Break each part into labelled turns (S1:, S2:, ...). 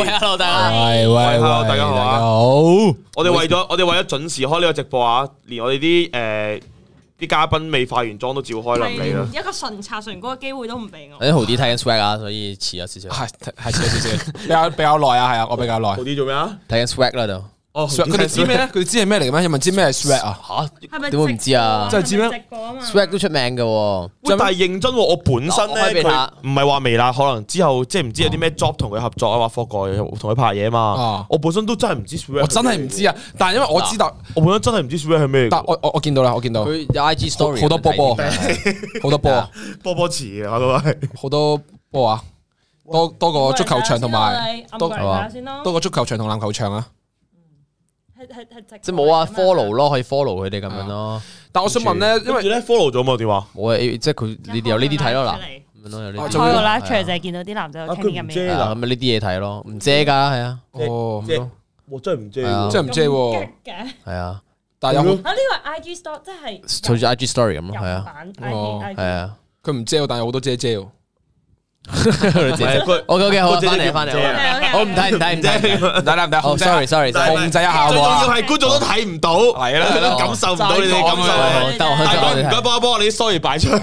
S1: 喂
S2: ，hello，大家喂，喂，hello，大家好。好，我哋為咗我哋為咗準時開呢個直播啊，喂連我哋啲誒啲嘉賓未化完妝都照開啦，一個
S3: 順查順哥嘅機會都唔俾
S2: 我。啲豪 Dee 睇緊 swag 啊，Swag，所以遲咗少少，係遲咗
S1: 少少，比較比較耐啊，係啊，我比較耐。豪 Dee 做咩啊？睇緊 swag 啦就。
S4: 哦，佢哋知咩咧？佢哋知係咩嚟嘅咩？有冇知咩係 sweat 啊？吓，
S2: 點會唔知啊？即係知咩？sweat 都出名嘅。喂，但係認真，我本身咧唔係話未啦，可能之後即係唔知有啲咩 job 同佢合作啊，或覆蓋同佢拍嘢啊嘛。我本身都真係唔知 sweat，我真係唔知啊。但係因為我知道，我本身真係唔知 sweat 係咩。但我我見到啦，我見到佢
S1: 有 IG story，好多波波，
S4: 好多波波波池啊，好多波啊，多多過足球場同埋多啊，多過足
S1: 球場同籃球場啊。即係冇啊，follow 咯，可以 follow 佢哋咁樣咯。但我想問咧，因為 follow 咗嘛，點話？冇啊，即係佢你哋有呢啲睇咯嗱，咁樣有呢啲。開過啦，主要就係
S3: 見到啲男仔有傾
S1: 偈，咁咪呢啲嘢睇咯，唔遮噶係啊，即
S2: 我真係唔遮，真係唔遮
S1: 㗎，係啊。
S2: 但係有啊呢
S3: 個
S1: I G story 即係好似 I G story 咁咯，係啊，
S3: 係啊，
S4: 佢唔遮，但係好多遮遮。O K O K 好，翻嚟翻
S1: 嚟，我唔睇唔睇唔睇唔睇唔睇，我 Sorry Sorry，控制一下。最重要係
S2: 觀眾都睇唔到，係啊，感受唔到你哋咁樣。大哥唔該，幫一幫我哋啲 sorry 擺出嚟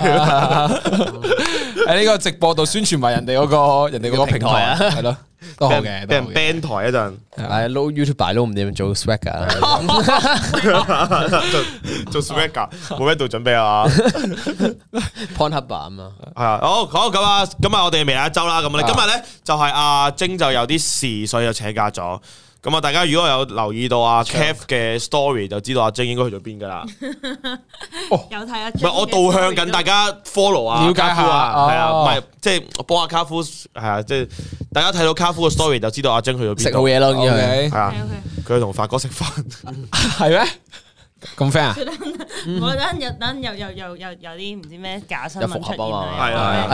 S1: 喺呢個直播度宣傳埋人哋嗰個人哋嗰個平台，係咯。都好嘅，俾人，俾人 ban 台一陣，啊，哎，load YouTube，load 唔掂做 swagger，
S2: 做，做 swagger，冇
S1: 咩度準備啊，ponha、啊、吧 板、就
S2: 是、啊，係啊，好好咁啊，咁啊，我哋微辣一周啦，咁我哋今日咧就係阿晶就有啲事，所以就請假咗。咁啊！大家如果有留意到阿 Caf 嘅 story，就知道阿晶應該去咗邊㗎喇。有
S5: 睇、 哦、啊！唔係我導
S2: 向緊大家 follow 啊，卡夫啊，係、哦、啊，唔係即係幫阿卡夫，係啊，即係大家睇到卡夫嘅 story，就知道阿晶去咗邊度嘢咯，係 Okay. 啊，佢同發哥食飯係咩？ 咁 friend 啊！
S3: 我覺得等又又又有啲唔知咩假
S2: 新聞出現啊！係啦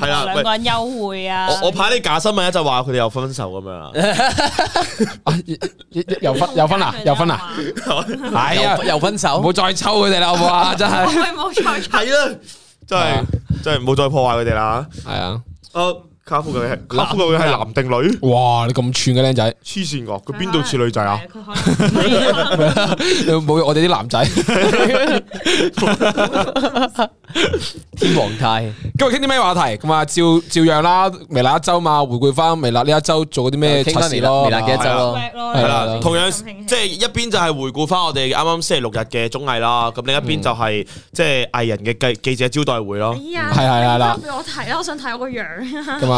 S2: 看，兩個人
S3: 幽會啊！啊啊我
S2: 怕啲假新聞就話佢哋又分手咁樣
S4: 又分又分啦！又分啦！
S2: 係啊！又 分， 分手，唔好 再抽佢哋 啦！哇、就是！就是啊、真係，唔好再睇啦！真係真係唔好再破壞佢哋啦！係 啊！好、 啊。卡夫佢係卡夫佢係男定女？哇！你咁串嘅靚仔，黐線喎，佢邊度似女仔啊？
S4: 冇我哋啲男仔，天王太。今日傾啲咩話題？咁啊，照照樣啦，微辣一周嘛，回顧翻微辣呢一周做啲咩嘢測試咯，微辣一周啦，係啦，同
S2: 樣即係一邊就係回顧翻我哋啱啱星期六日嘅綜藝啦，咁另一邊就係即係藝人嘅記記者招待會咯。係係係啦，俾我睇啦，
S3: 我想睇我個樣。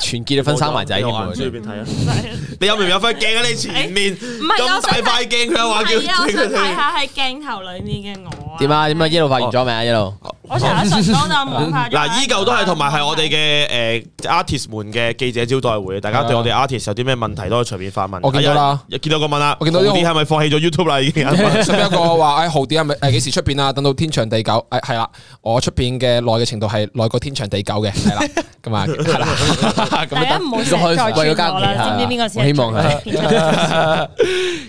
S2: 全結咗婚生埋仔，要唔要出邊睇啊？你有唔有塊鏡喺你前面？唔係咁大塊鏡，佢話叫睇下係
S3: 鏡
S2: 頭裏面嘅我啊？點啊？點啊？一路發現咗未啊？一路，我仲
S5: 想講就
S3: 望下。嗱，依
S2: 舊都係同埋係我哋嘅誒 artists 嘅記者招待會，大家對我哋 artist 有啲咩問題都可以隨便發問。我見到啦，見到個問啦，我見到啲係咪放棄咗
S4: YouTube 啦？有邊個話誒豪 Dee 係咪？誒幾時出片啊？等到天長地久誒係啦，我出片嘅耐嘅程度係耐過天長地久嘅係啦，咁啊係啦。大
S5: 家唔好再
S4: 再加我啦，知唔知邊個先？希望係。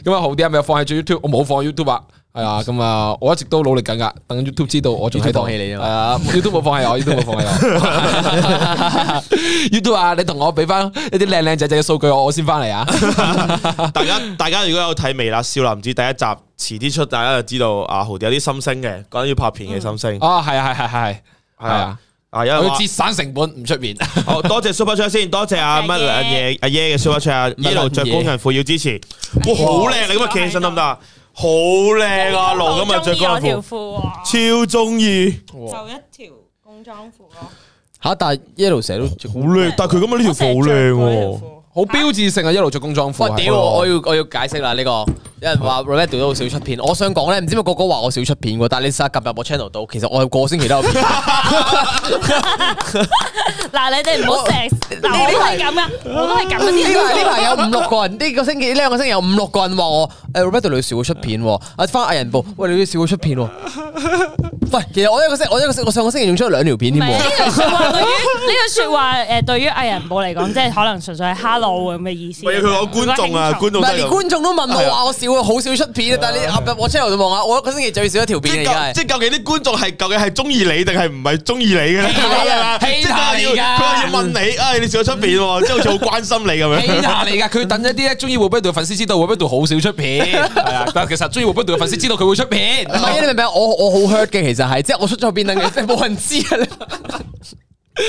S4: 咁啊，豪啲係咪放喺 YouTube，我冇放 YouTube 啊，係啊，咁啊，我一直都努力緊噶，等 YouTube 知道我仲未放棄你啊，YouTube 冇放棄我，YouTube 冇放棄我。YouTube 啊，你同我俾翻一啲靚靚仔仔嘅數據，我我先翻嚟啊！
S2: 大家大家如果有睇微辣，《少林寺》第一集遲啲出，大家就知道啊，豪啲有啲心聲嘅，講緊要拍片嘅心聲。哦，係啊，係係係係啊。啊！佢節省成本，唔出面。多謝 Super Chat 先，多謝阿乜阿爺阿爺嘅 Super Chat 阿 Yelo 着工人褲要支持，哇！好靚，你咁樣企起身得唔得啊？好靚啊，龍今日着工人褲，超中意。就一條
S5: 工
S1: 裝褲
S2: 咯。吓，但係 Yelo 成日都好靚，但係佢咁樣呢條褲好靚。
S1: 好標誌性啊！一路着工裝褲。我屌，我要我要解釋啦！呢個有人話 Roberto 都好少出片。我想講咧，唔知點解個個話我少出片喎。但係你成日撳入我 channel 到，其實我個個星期都。嗱，你哋唔
S3: 好成日。嗱，我都係咁噶，我都係咁。呢排有
S1: 五六個人，呢個星期呢兩個星期有五六個人話我 Roberto 女士會出片喎。阿翻藝人部，喂，你少會出片喎。唔係，其實我一個星，我一個我上個星期用咗兩條片添。呢句
S3: 説話，誒，對於藝人部嚟講，即係可
S5: 能
S1: 純粹係路咁意思，唔係佢講觀眾啊，觀眾，唔係連觀眾都問我話我少好少出片，但係你阿伯我出嚟，望下，我一個星期
S2: 最少一條片即係究竟啲觀眾係究竟係中意你定係唔係中意你嘅咧？係嘛？係啊，佢又要問你，啊，你少出片，即係好似好
S4: 關心你咁樣。你啊嚟噶，佢等一啲咧，中意 Roberto 嘅粉絲知道 Roberto 好少出片，但係其實中意 Roberto 嘅粉絲知道佢會出片，唔係，
S1: 你明唔明？我我好 hurt 嘅，其實係即係我出咗片，等佢即係冇
S2: 人知啊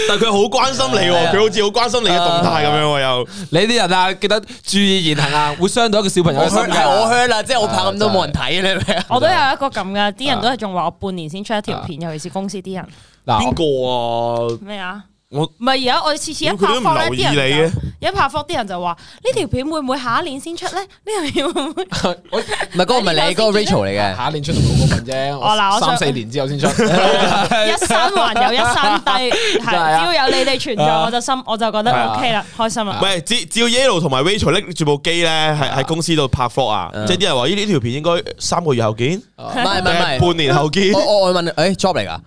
S2: 但佢好關心你，佢好似好關心你嘅動態咁樣。
S4: 又你啲人啊，記得注意言行啊，會傷到一個小朋友嘅心。我香啦，即係我拍咁
S3: 多都冇人
S2: 睇咧咩？我都有一
S3: 個咁噶，啲人都係仲話我半年先出一條片，尤其是公司啲人。
S2: 邊個啊？咩啊？唔
S3: 係而家，我次次一拍拖咧，啲人有啲拍拖，啲人就話呢條片會唔會下一年先出咧？呢條片會唔
S1: 會？唔係嗰個唔係你嗰個 Rachel 嚟嘅，下一年出都好過份啫。哦嗱，我三四年之後先出，一
S3: 山還有一山低，係只要有你哋存在，我就心我就覺得 OK 啦，開心啦。唔係，
S2: 只只要 Yelo 同埋 Rachel 拎住部機咧，喺喺公司度拍拖啊！即係啲人話呢呢條片應該三個月後見，唔係唔係半年後見。我
S1: 我問你，誒 job 嚟噶？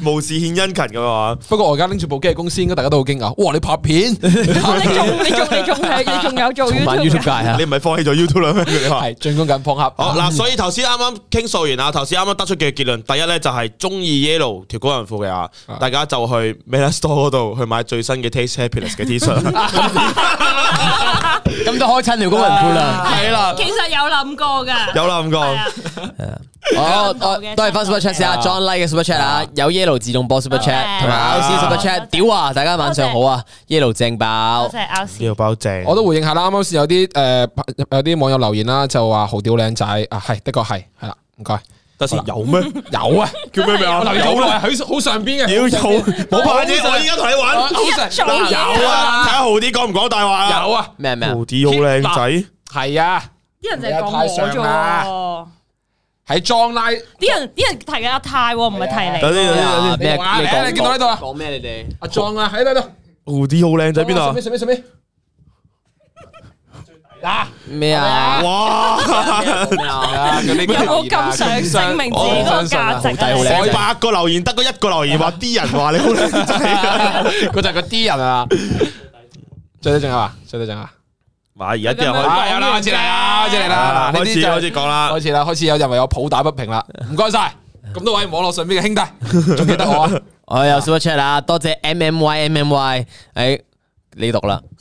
S2: 無事獻殷勤咁嘛。不過我而
S4: 家拎住部機喺公司，應該大家都好驚訝。哇！你拍片，你仲
S5: 你仲你仲係
S4: 你仲有做？喺 YouTube 界啊？你唔係放棄咗 YouTube 咩？係進攻緊蚌殼。好嗱，所以頭先啱啱
S2: 傾數完啊，頭先啱啱得出嘅結論，第一咧就係中意 Yelo 條高雲褲嘅啊，大家就去 Manner Store 嗰度去買最新嘅 Taste Happiness 嘅 T 恤。
S5: 咁
S2: 都開親條高雲褲啦，係啦。其實有諗過噶，有諗過。
S1: 好，都係 Super Chat 先啊，John Like 嘅 Super Chat 啊，有 Yellow 自動波 Super Chat 同埋 Alex Super Chat，屌啊！大家晚上好啊，Yellow 正爆，Yellow 爆正，我都回應下啦。啱啱
S4: 有啲誒，有啲網友留言啦，就話豪屌靚仔啊，係的確係，係啦，唔該。
S2: 得先有咩？有啊，叫咩名啊？有喺好上邊嘅，要有。冇怕啲，我依家同你玩。有啊，睇下豪 Dee 講唔講大話有啊，咩咩？豪 Dee 好靚仔，係啊，啲人就係講傻咗。喺莊
S4: 拉
S3: 啲人啲人提緊阿泰，唔係提你。等先等先等
S2: 先，咩啊？你見到呢度啊？講咩你哋？阿莊啊，
S4: 喺呢度。
S2: 蝴蝶好靚仔邊度？咩？咩？咩？最大啊！咩啊？哇！有冇咁想證明自己嘅價值？我八個留言得個一個留言話啲人話你好靚仔，嗰就係嗰啲人啊。最底仲有啊？最底仲有？嗱，
S4: 而家啲人又開始啦，開始嚟啦，開始啦，啊，開始啦，開始有人為我抱打不平啦，唔該晒，咁多位網絡上邊嘅兄弟，仲記
S1: 得我，啊， 我又 small chat 啦，多謝 MMY MMY，誒，你讀啦。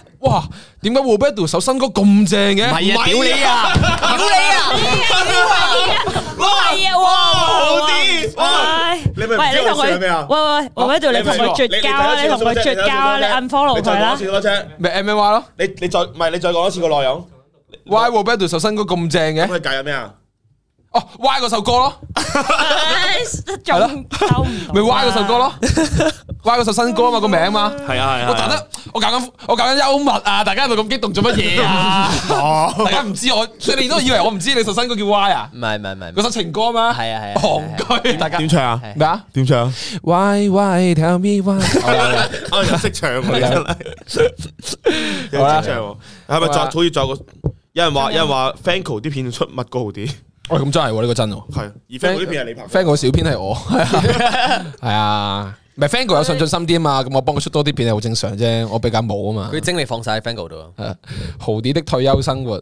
S4: 哇！點解
S1: Ward Bell 首新歌
S4: 咁正嘅？唔係啊，屌你啊，屌你啊，
S5: 好啲啊，係哇，好啲，
S4: 喂，你同佢咩啊？喂
S2: 喂，Ward 你同佢絕交啊！你同佢絕交啊！你 unfollow 佢啦！多次多車咩？M Y 咯？你你再唔係你再講一次個內容？Why Ward Bell 首新歌咁正嘅？咁解介咩啊？
S4: 哦，Y 嗰首歌咯，咪 Y 嗰首歌咯，Y 嗰首新歌啊嘛，個名嘛，係啊係啊，我講得，我講緊，我講緊幽默啊，大家係咪咁激動做乜嘢啊？大家唔知我，你都以為我唔知你首新歌叫 Y 啊？唔係唔係唔係，嗰首情歌啊嘛，係啊係啊，韓劇，大家點唱啊？咩啊？點唱 Why Why Tell Me
S2: Why？我唔識唱佢出嚟，
S4: 好正係咪再？好似
S2: 再個，有人話，有人話 Fanco 啲片出乜過好啲。喂，咁真係喎，呢個真喎，係。而 Fango 呢，嗰
S1: 邊係你拍 Fango
S4: 個小片係我，
S2: 係啊，咪 Fango
S4: 有上進心啲啊嘛，咁我幫佢出多啲片係好正常啫，我比較冇啊嘛，
S1: 佢精力放晒喺 Fango 度啊。
S2: 《豪 Dee 的退休生活》，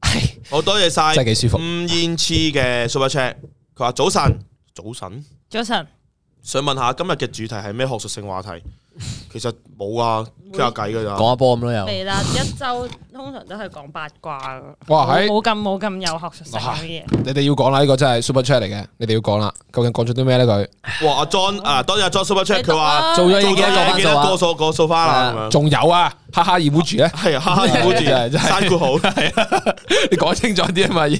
S2: 係，好多謝晒，真係幾舒服。唔厭次嘅 Super Chat。佢話早晨，早晨，早晨，想問下今日嘅主題係咩學術性話題？其實冇啊，傾下偈噶咋，講下波咁咯又。
S3: 係啦，一周通常都係講八卦嘅，
S2: 冇咁冇咁有學術性
S3: 嘅
S2: 嘢。你哋要
S4: 講啦，呢個真係 Super Chat 嚟嘅，你哋要講啦。究竟講咗啲咩咧？佢
S2: 哇，阿 John 啊，當日阿 John Super Chat，佢話做咗多你見到個數數翻啦，
S4: 仲有啊，哈哈 emoji 咧，係哈哈 emoji。真係辛好，係你講清楚啲啊嘛，要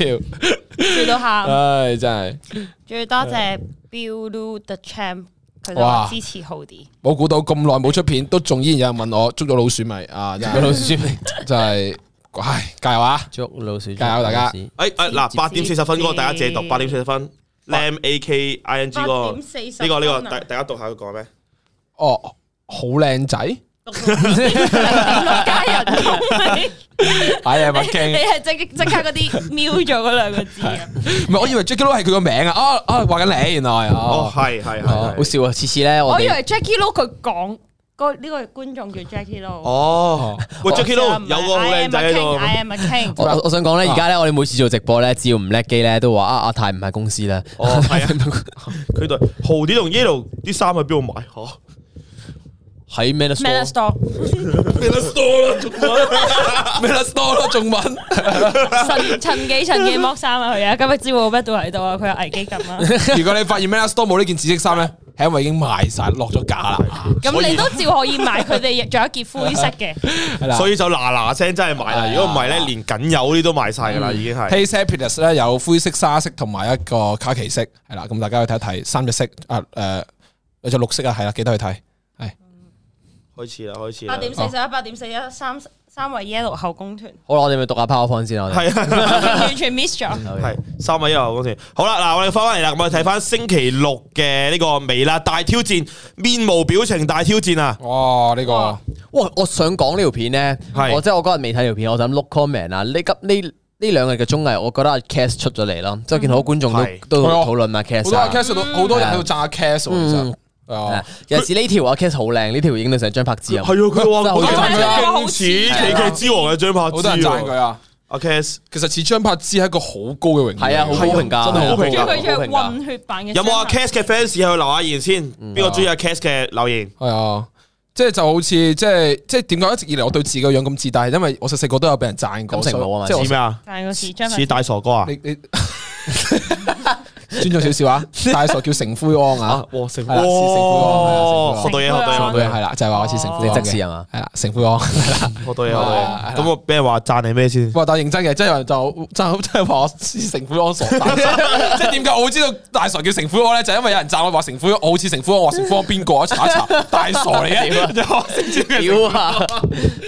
S4: 笑到喊，誒真係，
S3: 最多謝 Billu the champ。哇！支持
S2: 好啲，
S4: 冇估到咁耐冇出片，都仲依然有人問我捉咗老鼠未？啊，捉老鼠片
S2: 就係、是，唉，加油啊！捉老鼠，老鼠加油大家！哎哎嗱，八點四十分嗰個大家借讀，八點四十分，lam a k i n g 嗰、這個，呢、啊這個呢、這個，大大家讀下佢講咩？
S4: 哦，好靚仔。唔知點落佳人？哎呀，
S3: 唔驚！你係即即刻嗰啲瞄咗嗰兩個
S4: 字啊！唔係， 我
S1: 以為 Jacky Lou 係佢個名啊！哦，啊，話緊你，原來
S4: 哦，
S2: 係
S1: 係係，好笑啊！次次咧，我以為
S3: Jacky Lou 佢講個呢、這個觀眾叫 Jacky Lou
S1: 哦，
S2: 喂 Jacky Lou 有個靚仔喎！I am a king。我我想講咧，而
S1: 家咧，我哋每次做直播咧，只要唔叻機咧，都話啊阿太唔喺公司啦。係、哦、
S2: 啊，佢對豪 Dee 同 Yelo 啲衫喺邊度買吓？
S1: 睇 Manner Store，Manner
S3: Store
S1: 啦，中文，Manner Store 啦，仲 文，陳陳幾層嘅
S3: 剝衫啊佢啊，今日招乜都喺度啊，佢有危機感
S4: 啊！ 如果你發現 Manner Store 冇呢件紫色衫咧，係因為已經賣晒落咗
S2: 架啦。咁以你都照
S3: 可以買，佢哋仲有一件灰色嘅。
S2: 啦啦所以就嗱嗱聲真係賣啦！如果唔係咧，連僅有啲都賣晒噶啦，已經
S4: 係。Happiness 咧、hey、有灰色、沙色同埋一個卡其色，係啦。咁大家去睇一睇三隻色啊，誒、呃，呃、有隻綠色啊，係啦，記
S1: 得去睇。
S2: 開始啦，
S3: 開始啦！八點四十一，
S2: 八點四一，三三位 Yelo 後宮團。好啦，我哋咪讀下 power point 先啊。係
S3: 完全 miss 咗。
S2: 係三位 Yelo 後宮團好啦，嗱，我哋翻返嚟啦，咁我哋睇翻星期六嘅呢個微辣大挑戰，面無表情大挑戰啊！哇，呢個
S1: 哇，我想講呢條片咧，我即係我嗰日未睇條片，我想 look comment 啊，呢呢呢兩日嘅綜藝，我覺得 cast 出咗嚟啦，即係見到觀眾都都討論啊 cast，好多 cast 好多人喺度炸
S4: cast 其實。
S1: 啊！有時呢條阿 Kiss 好靚，呢條影到成張柏芝啊！係啊，佢話好
S4: 似喜劇之王嘅張柏芝，好多人讚佢啊！
S2: 阿 Kiss，其實
S4: 似張柏芝係一個好高嘅榮譽，係啊，好高評價，真係好評價。最中意佢着混血版嘅。有
S2: 冇阿 Kiss 嘅 fans 去留言先？邊個中意阿 Kiss 嘅
S4: 留言？係啊，即係就好似即係即係點講？一直以嚟，我對自己嘅樣咁自大，係因為我細細個都有俾人讚過，咁成功啊嘛，即係似咩啊？讚
S3: 過似張似大傻哥啊！你你。
S4: 尊重少少啊！大傻叫成奎安啊！成奎安，成奎安。好多嘢，好多嘢，係啦，就係話我似成奎安嘅，係啦，成奎安，
S2: 好多嘢，
S4: 咁我俾人話讚你咩先？但認真嘅，真有人就真真係話我似成奎安傻，即係點解我會知道大傻叫成奎安咧？就因為有人讚我話成奎安，我好似成奎安，我成奎安邊個啊？查一查，大傻嚟嘅，屌啊！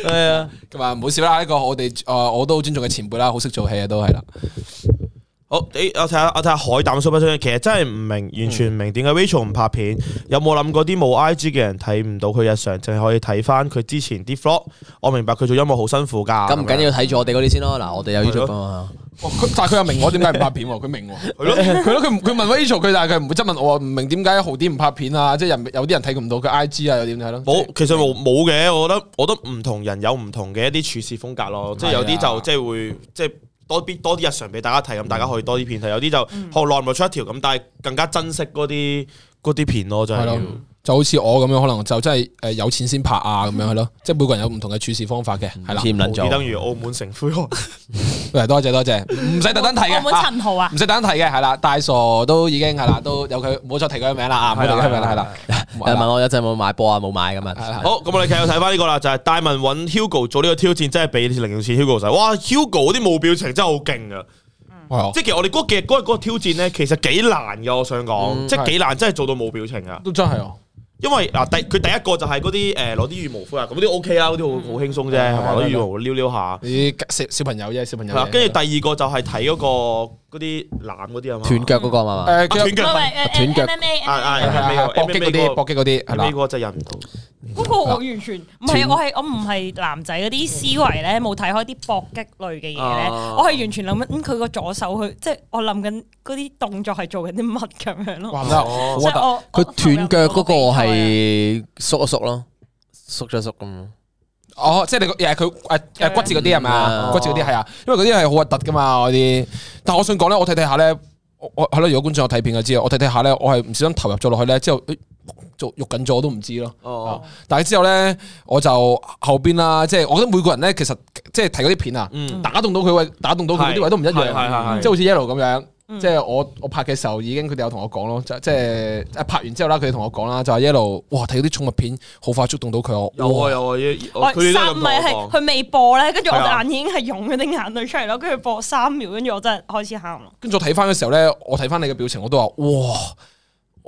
S4: 係啊，咁啊冇事啦，一個我哋啊我都好尊重嘅前輩啦，好識做戲嘅都係啦。
S2: 好，你我睇下，我睇下海膽蘇不蘇？其實真係唔明，完全唔明點解 Rachel 唔拍片。嗯、有冇諗過啲冇 IG 嘅人睇唔到佢日常，就係可以睇翻佢之前啲 flow？我明白佢做音樂好辛苦噶。咁唔緊要，睇
S1: 住、嗯、我哋嗰啲先咯。嗱的，我哋有 y o 但係佢又明我，我點解唔拍片？佢明我。
S4: 佢佢咯，佢 問 Rachel，佢但係佢唔會質問我，唔明點解豪啲唔拍片啊？即、就、係、是、有人 IG, 有啲人睇唔到佢 IG 啊，又點睇咯？冇，
S2: 其實冇冇嘅。我覺得，我得唔同人有唔同嘅一啲處事風格咯。即係的有啲就即係會即係。多啲多啲日常俾大家睇，咁大家可以多啲片睇，有啲就耐唔耐出一條咁，但係更加珍惜嗰啲啲片咯，就係咯。
S4: 就好似我咁樣，可能就真係誒有錢先拍啊咁樣，係咯，即係每個人有唔同嘅處事方法嘅，係啦，唔似唔撚等
S2: 於澳門城灰喎。
S4: 喂，多謝多謝，唔使特登提嘅。澳門陳豪啊，唔使特登提嘅，係啦，大傻都已經係啦，都有佢冇再提佢嘅名啦啊，提佢嘅名啦，
S1: 係啦，問我一陣冇買波啊？冇買咁啊。
S2: 好，咁我哋繼續睇翻呢個啦，就係大文揾 Hugo 做呢個挑戰，真係俾零用錢 Hugo 使。哇，Hugo 啲冇表情真係好勁啊！即係其實我哋嗰日嗰個挑戰咧，其實幾難嘅。我想講，即係幾難，真係做到冇表情啊！都真係啊～因為嗱第佢第一個就係嗰啲誒攞啲羽毛灰啊，咁啲 OK 啦，嗰啲好好輕鬆啫，係嘛，攞羽毛撩撩下，
S4: 小朋友啫，小朋友。跟
S2: 住第二個就係睇嗰個嗰啲藍嗰啲啊嘛，斷腳嗰個啊嘛，誒斷腳係，斷腳係，係係係，搏擊嗰啲，搏擊嗰啲係嘛，呢個真係忍唔到。
S3: 嗰個我完全唔係，我係我唔係男仔嗰啲思維咧，冇睇開啲搏擊類嘅嘢咧。我係完全諗緊佢個左手去，即係我諗緊嗰啲動作係做緊啲乜咁樣咯。哇！
S1: 佢斷腳嗰個係縮一縮咯，縮著縮咁咯。
S4: 哦，即係你又、那、佢、個呃呃、骨折嗰啲係咪？骨折嗰啲係啊，因為嗰啲係好核突噶嘛嗰啲。但係我想講咧，我睇睇下咧，我係咯，如果觀眾有睇片嘅知啊，我睇睇下咧，我係唔小心投入咗落去咧之後做肉緊咗我都唔知咯，哦嗯、但係之後咧，我就後邊啦，即、就、係、是、我覺得每個人咧，其實即係睇嗰啲片啊，嗯、打動到佢位，打動到佢啲位，是位都唔一樣，即係好似 Yelo 咁樣，嗯、即係我我拍嘅時候已經佢哋有同我講咯，即、就、係、是、拍完之後啦，佢哋同我講啦，就係 Yelo 哇睇嗰啲寵物片好快觸動到佢我，啊，有
S2: 三咪係
S3: 佢未播咧，跟住我眼已經係湧咗啲眼淚出嚟咯，跟住播三秒，跟住我真係開始喊咯。
S4: 跟住我睇翻嘅時候咧，我睇翻你嘅表情，我都話哇！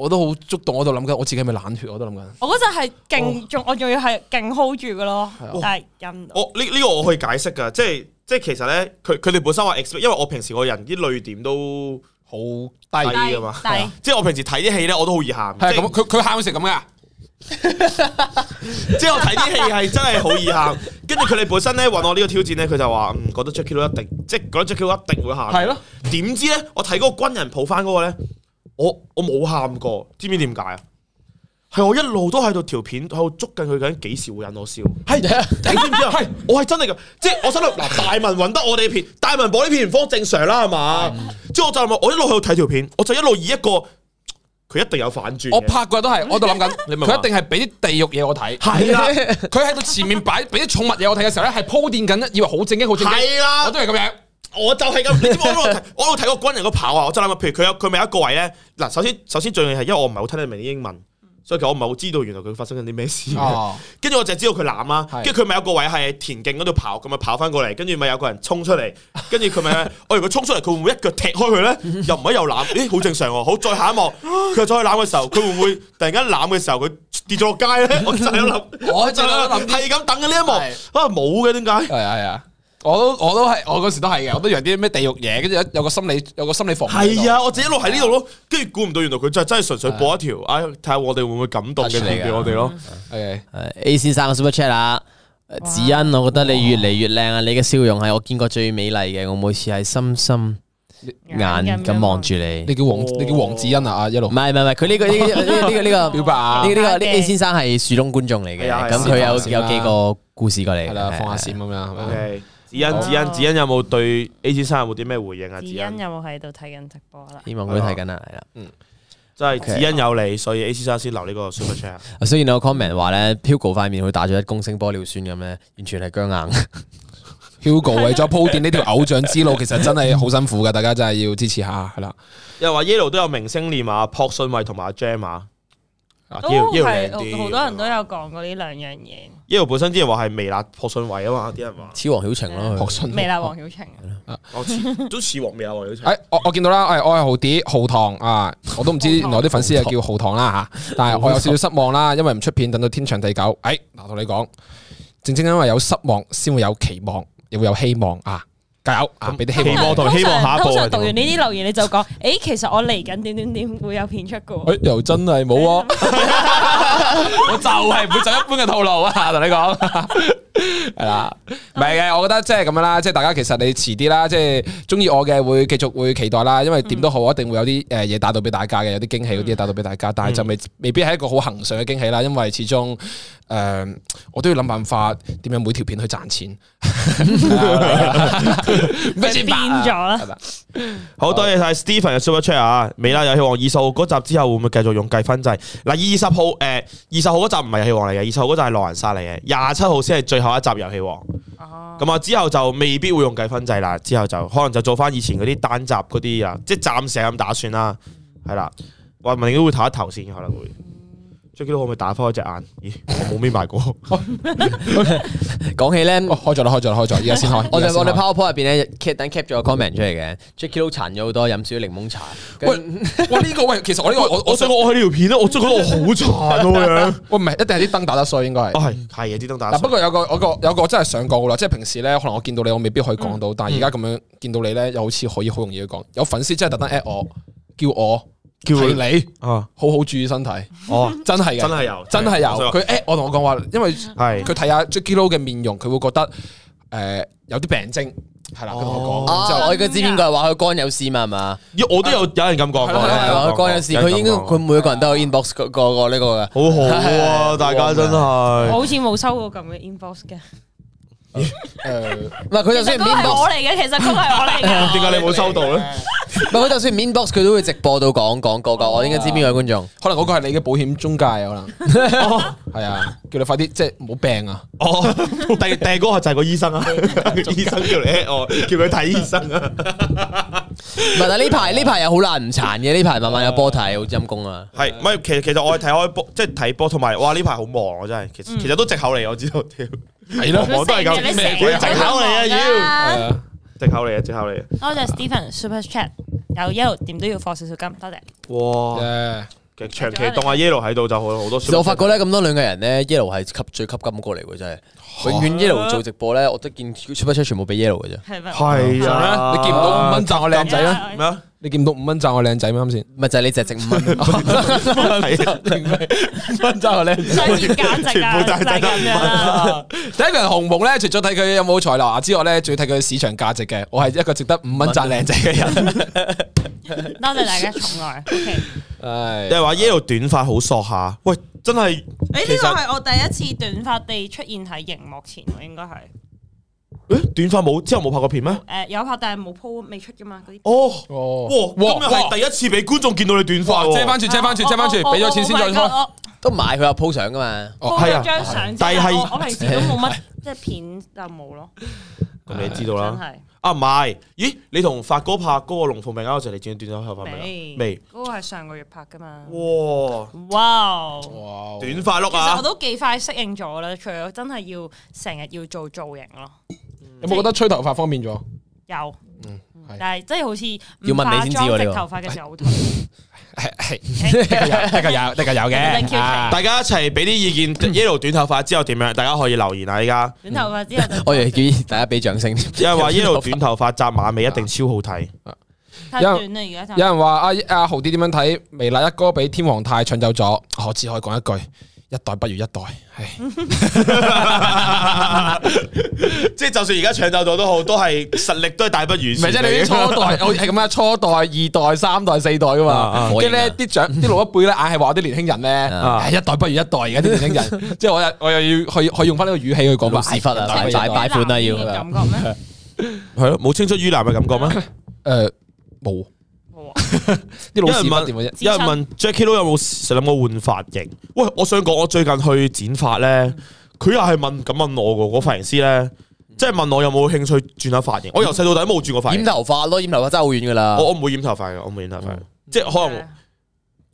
S4: 我都好觸動，我度諗緊我自己係咪冷血，我都諗緊、哦。
S3: 我嗰陣係勁，仲、哦、我仲要係勁 hold 住嘅咯，但係忍到。
S2: 我呢呢個我可以解釋嘅，即係即係其實咧，佢佢哋本身話 expect，因為我平時個人啲淚點都好低嘅嘛，即係 我平時睇啲戲咧我都好易喊。咁，佢佢喊成咁嘅，即係我睇啲戲係真係好易喊。跟住佢哋本身咧揾我呢個挑戰咧，佢就話唔、嗯、覺得 Jacky 都一定，即係覺得 Jacky 一定會喊。係咯、啊，點知咧我睇嗰個軍人抱翻嗰、那個咧？我我冇喊過，知唔知點解啊？係我一路都喺度條片喺度捉緊佢究竟幾時會引我笑？係 Yeah. 你知唔知啊？係 Yeah. 我係真係咁，Yeah. 即係我心諗嗱，大文揾得我哋片，Yeah. 大文播呢片方正常啦，係嘛？即係 Yeah. 我就係我一路喺度睇條片，我就一路以一個佢一定有反轉，我拍
S4: 過都係，我度諗緊，佢 一定係俾啲地獄嘢我睇。係啊，佢喺度前面擺俾啲寵物嘢我睇嘅時候咧，係鋪墊緊，以為
S2: 好正經，好正經。係啦，我都係咁樣。我就係咁，你知唔知我喺度睇？我喺度睇個軍人個跑啊！我就諗，譬如佢有佢咪有一個位咧。嗱，首先首先最重要係，因為我唔係好聽得明啲英文，所以其實我唔係好知道原來佢發生緊啲咩事。跟住我就知道佢攬啦。跟住佢咪有一個位係田徑嗰度跑，咁咪跑翻過嚟。跟住咪有個人衝出嚟，跟住佢咪。我如果衝出嚟，佢會唔會一腳踢開佢咧？又唔係又攬？咦，好正常。好，再下一幕，佢再攬嘅時候，佢會唔會突然間攬嘅時候佢跌咗落街咧？我就喺度諗，我就喺度諗，係咁等嘅呢一幕。啊，冇嘅，點解？係啊，係啊。我我都係，我嗰時都係嘅，我都以為啲咩地獄嘢，跟住有個心理有個心理防禦。係啊，我自己一路喺呢度咯，跟住估唔到，原來佢真係真係純粹播一條，哎，睇下我哋會唔會感動嘅嚟嘅我哋咯。
S1: 誒，A 先生 super chat 啦，子欣，我覺得你越嚟越靚啊，你嘅笑容係我見過最美麗嘅，我每次係深深眼咁望住你。你叫黃你叫黃子欣啊？一路唔係唔係唔係，佢呢個呢呢個呢個表白，呢個呢 A 先生係樹窿觀眾
S2: 嚟嘅，咁佢有有幾個故事過嚟，放下線咁樣。子欣子欣、Oh. 子欣有冇對 A 先生有冇啲咩回應啊？子
S3: 欣有冇喺度睇緊直播
S2: 啦？希望佢睇緊啦，係啦 Right. 是，嗯，即係子欣有你，所以 A 先生先留呢個 Super Chat。
S1: 雖然我 comment 話咧，Pugo 塊面會打咗一公升玻尿酸咁咧，完全係僵硬。Pugo
S4: 為咗鋪墊呢條偶像之路， 其實真係好辛
S1: 苦噶， 大家真係要支持下，係啦。
S2: 又話 Yelo 都有明星臉啊，朴信惠同埋阿 Jam 啊。啊啊啊 都係好多人
S3: 都有講過呢兩樣嘢。
S2: 伊浩本身即係話係微辣朴信惠啊嘛，啲人話似黃曉晴咯，朴信微辣黃曉晴。都似黃微辣黃曉晴。 哎，我我見到啦，哎，我係豪
S4: Dee 豪堂啊，我都唔知堂原來啲粉絲係叫豪堂啦吓，啊，但係我有少少失望啦，因為唔出片，等到天長地久。哎，嗱，同你講，正正因為有失望，先會有期望，又會有希望啊。加油！俾啲、嗯、希望，下一波。通常讀完呢啲
S3: 留言，你就講：誒、 欸，其實我嚟緊點點點會有片出嘅。
S4: 又、欸、真係冇，我就係唔會走一般嘅套路啊！同你講，係啦，唔係嘅，我覺得即係咁樣啦，即係大家其實你遲啲啦，即係中意我嘅會繼續會期待啦，因為點都好，我一定會有啲誒嘢，打到俾大家嘅，有啲驚喜嗰啲打到俾大家，但係就未未必係一個好恆常嘅驚喜啦，因為始終。誒、嗯，我都要諗辦法點樣每條片去賺錢，變咗啦？
S2: 好多謝晒 Stephen 嘅 super chat 啊！未啦，遊戲王二十號嗰、呃、集之後會唔會繼續用計分制？嗱，二十號誒，二十號嗰集唔係遊戲王嚟嘅，二十號嗰集係狼人殺嚟嘅，廿七號先係最後一集遊戲王。咁啊之後就未必會用計分制啦，之後就可能就做翻以前嗰啲單集嗰啲啊，即係暫時係咁打算啦，係啦，我明都會投一投先，可能會。Jackie 可唔可以打開一隻眼？咦，我冇瞇埋過。講起咧，開咗啦，開咗啦，開咗。而家先
S4: 開。我哋我哋
S1: PowerPoint 入邊咧 keep 咗個 comment 出嚟嘅。Jackie 都殘咗好多，飲少啲檸檬茶。
S4: 喂，喂，呢個喂，其實我呢個我想講我喺呢條片咧，我真係覺得我好殘啊！我唔係一定係啲燈打得衰，應該係。
S2: 哦，係係啊，啲燈打。嗱，
S4: 不過有個有個有個真係想講嘅啦，即係平時咧，可能我見到你，我未必可以講到，但係而家咁樣見到你咧，又好似可以好容易講。有粉絲真係特登 at 我，叫我。叫你啊，好好注意身體哦！
S2: 真係嘅，真係有，
S4: 真係有。佢誒，我同我講話，因為係佢睇下 Jacky Lou 嘅面容，佢會覺得誒
S1: 有啲病徵
S4: 係啦。佢同我講，就我而家知邊
S1: 個係話佢肝有事嘛？係嘛？我都有有人咁講過，佢肝有事。佢應該佢每一個人都有 inbox 嗰個呢個嘅，好好啊！大家真係，我好
S3: 似冇收過咁嘅 inbox 嘅。
S1: 誒，唔係佢就算，都係我
S3: 嚟嘅，其實都係我
S1: 嚟嘅。點解你冇收到咧？唔係佢就算面 boss 佢都會直播到講講個個，我應該知邊個觀眾。哦、可能嗰個係你嘅保險中介，可能係啊、 哦，叫你快啲，即係冇病啊。哦，第第二個就係個醫生啊，個
S2: 醫生叫嚟。我叫佢睇醫生啊。唔係啊，呢排呢排又好難唔殘嘅，呢排慢慢有波睇，好陰功啊。係，唔係？其實其實我係睇開波，即係睇波，同埋哇，呢排好忙啊，真係。其實其實都藉口嚟，我知道。 係咯，我都係咁嘅，直口嚟啊，要，直口嚟啊，直嚟啊。
S3: 多謝 Stephen Super Chat，有 Yellow，點都要放少少金，多謝。
S2: 哇，其實長期當阿 Yellow 喺度就好，好多。我發覺
S1: 咧，咁多兩個人咧，Yellow 係吸最吸金過嚟喎，真係。永遠 Yellow 做直播咧，我都見 Super Chat 全部俾 Yellow 嘅啫。
S2: 係咪？係啊，你見唔到五蚊讚
S4: 我靚仔
S1: 咩？你見唔到五蚊讚我靚仔咩？啱先，咪就係你只值五蚊，五蚊讚我靚
S4: 仔，商業價值啊，第一個人紅蒙咧，除咗睇佢有冇才華之外咧，
S2: 仲要睇佢市場價值嘅。我係一個值得五蚊讚靚仔嘅人，
S5: 多謝大家寵愛。
S6: O K，你話 Yelo
S2: 短髮好索下，喂、哎，真係，誒，呢個係我
S3: 第一次短髮地出現喺熒幕前，應該係。
S2: 誒，短髮冇之後冇拍過片咩？
S3: 誒，有拍但係冇 po 未出噶嘛？嗰
S2: 啲哦哦，今日係第一次俾觀眾見到你短髮，遮翻住，遮翻住，遮翻住，俾咗錢先再都買佢話 po 相噶嘛？
S1: 哦，係張相。但
S2: 係我平時都冇乜，
S5: 即係片就冇咯。
S2: 咁你知道啦，真係啊，唔買？咦，你同發哥拍嗰個龍鳳餅膠嗰時，你剪短咗頭髮未未？
S3: 嗰個係上個月拍噶嘛？
S2: 哇，哇，短髮碌啊！其實我
S3: 都幾快適應咗啦，除咗真係要成日要做造型咯。
S2: 有冇覺得
S4: 吹頭髮方便咗？
S3: 有，但係真係好似要問你先知道。頭髮嘅時
S2: 候好痛，係有，有嘅。大家一齊俾啲意見 Yelo 短頭髮之後點樣？大家可以留言啊！依家短
S3: 頭髮之後，
S2: 我哋建議大家俾掌聲。有人話 Yelo 短頭髮紮馬尾一定超好睇。有人話
S4: 阿阿豪啲點樣睇？微辣一哥俾天皇太搶走咗。我只可以講一句。一代不如一代，
S2: 唉，即係就算而家搶走咗都好，都係實力都係大不如前。咪即係你啲初代，我係咁
S4: 樣，初代、二代、三代、四代㗎嘛，即係咧啲長啲老一輩咧，硬係話啲年輕人咧，唉，一代不如一代。而家啲年輕人，即係我又我又要去去用翻呢個語氣去講，老屎忽啊，大敗款啊，要
S2: 係咯，冇青出於藍嘅感覺咩？誒，冇。
S4: 啲老 有人問
S2: Jacky 都春有冇想諗過換髮型？喂，我想講，我最近去剪髮咧，佢又係問咁問我噶，嗰髮型師咧，即係問我有冇興趣轉下髮型？我由細到大冇轉過髮型，嗯，染頭髮咯，染頭髮真係好遠噶啦。我我唔會染頭髮嘅，我唔會染頭髮，即係、嗯、可能，的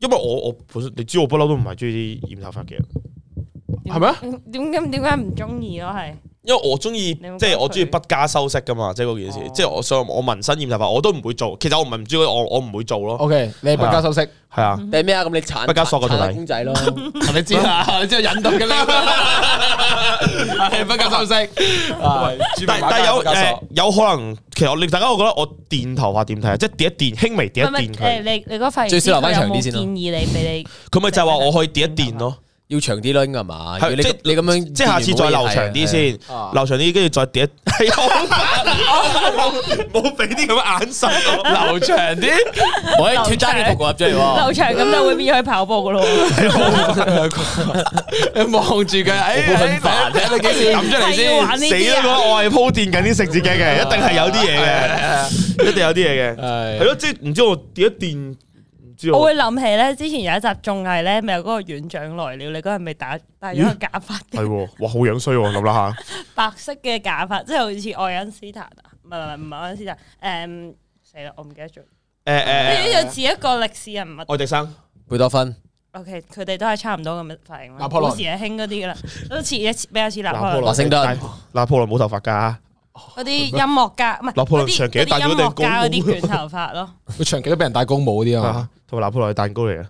S2: 因為我我本身你知我不嬲都唔係中意啲染頭髮嘅，
S3: 係咪啊？點解點解唔中意咯？係。
S2: 因為我中意，即係我中意不加修飾噶嘛，即係嗰件事，即係我想我紋身染頭髮我都唔會做。其實我唔係唔知，我我唔會做咯。OK，你不加修飾，係啊？
S1: 你咩啊？咁你不加索個頭仔？公仔咯，你知啦，你知啊，引導嘅咧，不加修飾。但但有誒，
S2: 有可能其實我令大家我覺得我電頭髮點睇啊？即係電一電，輕微電一電佢。你
S3: 你嗰份最少留翻長啲先咯。建議你俾你，
S2: 佢咪就係話我可以電一電咯。要長啲啦，應該係嘛？係，即係你咁樣，即係下次再留長啲先，留長啲，跟住再跌，係，冇冇俾啲咁嘅眼神，留長啲，我一脫渣你撲過入嚟。留長咁就會變可以跑步噶咯。
S4: 你
S2: 望住佢，哎，好煩，你幾時冚出嚟先？死啦！我係鋪墊緊啲食自己嘅，一定係有啲嘢嘅，一定有啲嘢嘅。係咯，即係唔知我跌咗電。我，我會
S3: 諗起咧，之前有一集綜藝咧，咪有嗰個院長來了，你嗰日咪打戴咗個假髮嘅？係
S2: 喎，哇，好樣衰喎！諗諗下，
S3: 白色嘅假髮，即係好似愛因斯坦啊？唔係唔係唔係愛因斯坦？誒，死啦，我唔記得咗。
S2: 誒誒，好
S3: 似一個歷史人物。愛、欸欸欸、
S2: 迪生、貝多芬。
S3: O.K. 佢哋都係差唔多咁嘅髮型，嗰時係興嗰啲噶啦，都似一次比較似拿破崙。華
S2: 盛頓，拿破崙冇頭髮噶。
S3: 嗰啲音樂家唔係嗰啲，嗰啲音樂家嗰啲短頭髮
S2: 咯。佢長期都俾人戴公帽嗰啲啊，同埋拿破崙係蛋糕嚟嘅。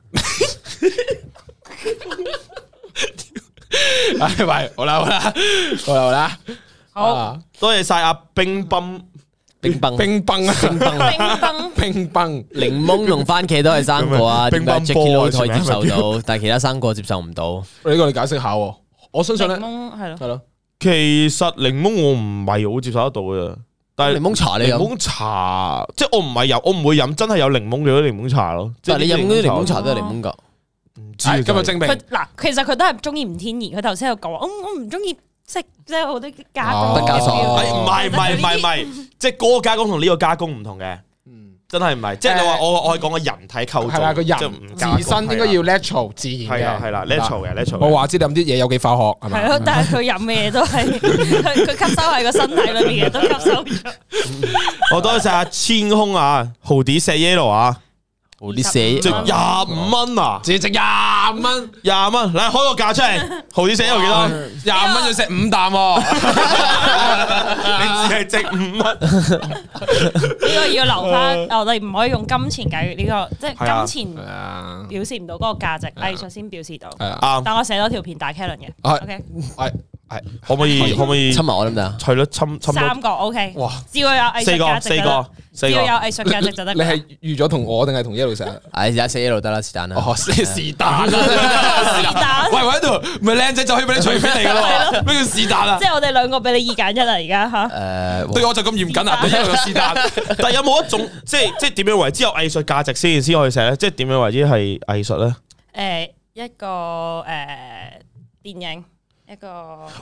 S2: 喂喂，好啦好啦，好啦好啦，好多謝晒阿冰崩冰崩冰崩冰崩冰崩，檸檬同番
S4: 茄都係生果啊。點解 J K 都可以接受到，
S1: 但係其他生果接受唔到？
S4: 你我你解釋下，
S2: 我身上
S1: 咧係咯係咯。
S2: 其實檸檬我唔係好接受得到嘅，但係檸檬茶你檸檬茶，即係我唔係有，我唔會飲真係有檸檬嘅嗰檸檬茶咯。即係你飲啲檸檬茶都係檸檬噶，唔、啊、知是今日證明。
S3: 嗱，其實佢都係中意唔天然，佢頭先有講話，我我唔中意即係即係好多加工、啊、不
S2: 加是工。唔係唔係唔係唔係，即係、就是、個加工同呢個加工唔同嘅。真係唔係，即係你話我愛講個人體構造，係啦，個人自身應該
S4: 要 natural 自然嘅，係啦，natural 嘅，natural。我、啊、話知你飲啲
S2: 嘢有幾化學，係咪？
S3: 但係佢飲咩嘢都係，佢佢 吸收喺個身體裏邊嘅都吸收
S2: 咗。好 多謝阿、啊、千空啊，豪 Dee、Yelo 啊。豪 Dee 寫，值廿五蚊啊！淨係值廿蚊，廿蚊，你開個價出嚟，豪 Dee 寫有幾多？廿蚊就食五啖喎， 你只係值五蚊。
S3: 呢個要留翻，我哋唔可以用金錢解決呢、這個，即係金錢表示唔到嗰個價值，藝術先表示到。係啱、嗯，但我寫咗條片大 Kelvin 嘅。係、嗯、，OK，
S2: 係、嗯。係可唔可以可唔可以侵埋我得唔得啊？除咗侵侵三
S3: 個 OK。哇！只要有四個四個四個有藝術價值就得。你係
S1: 預咗同我定係同一路寫？哎而家寫一路得啦，是但啦。是但喂喺度，唔係
S2: 靚仔就可以俾你除非嚟噶啦，咩叫是但啊？即
S3: 係我哋兩個俾你二揀一啦，而家吓。誒，
S2: 對，我就咁嚴謹啊，你一路是但。但有冇一種即係即係點樣為之有藝術價值先先可以寫咧？即係點樣為之係藝術咧？
S3: 誒，一個誒電影。一個，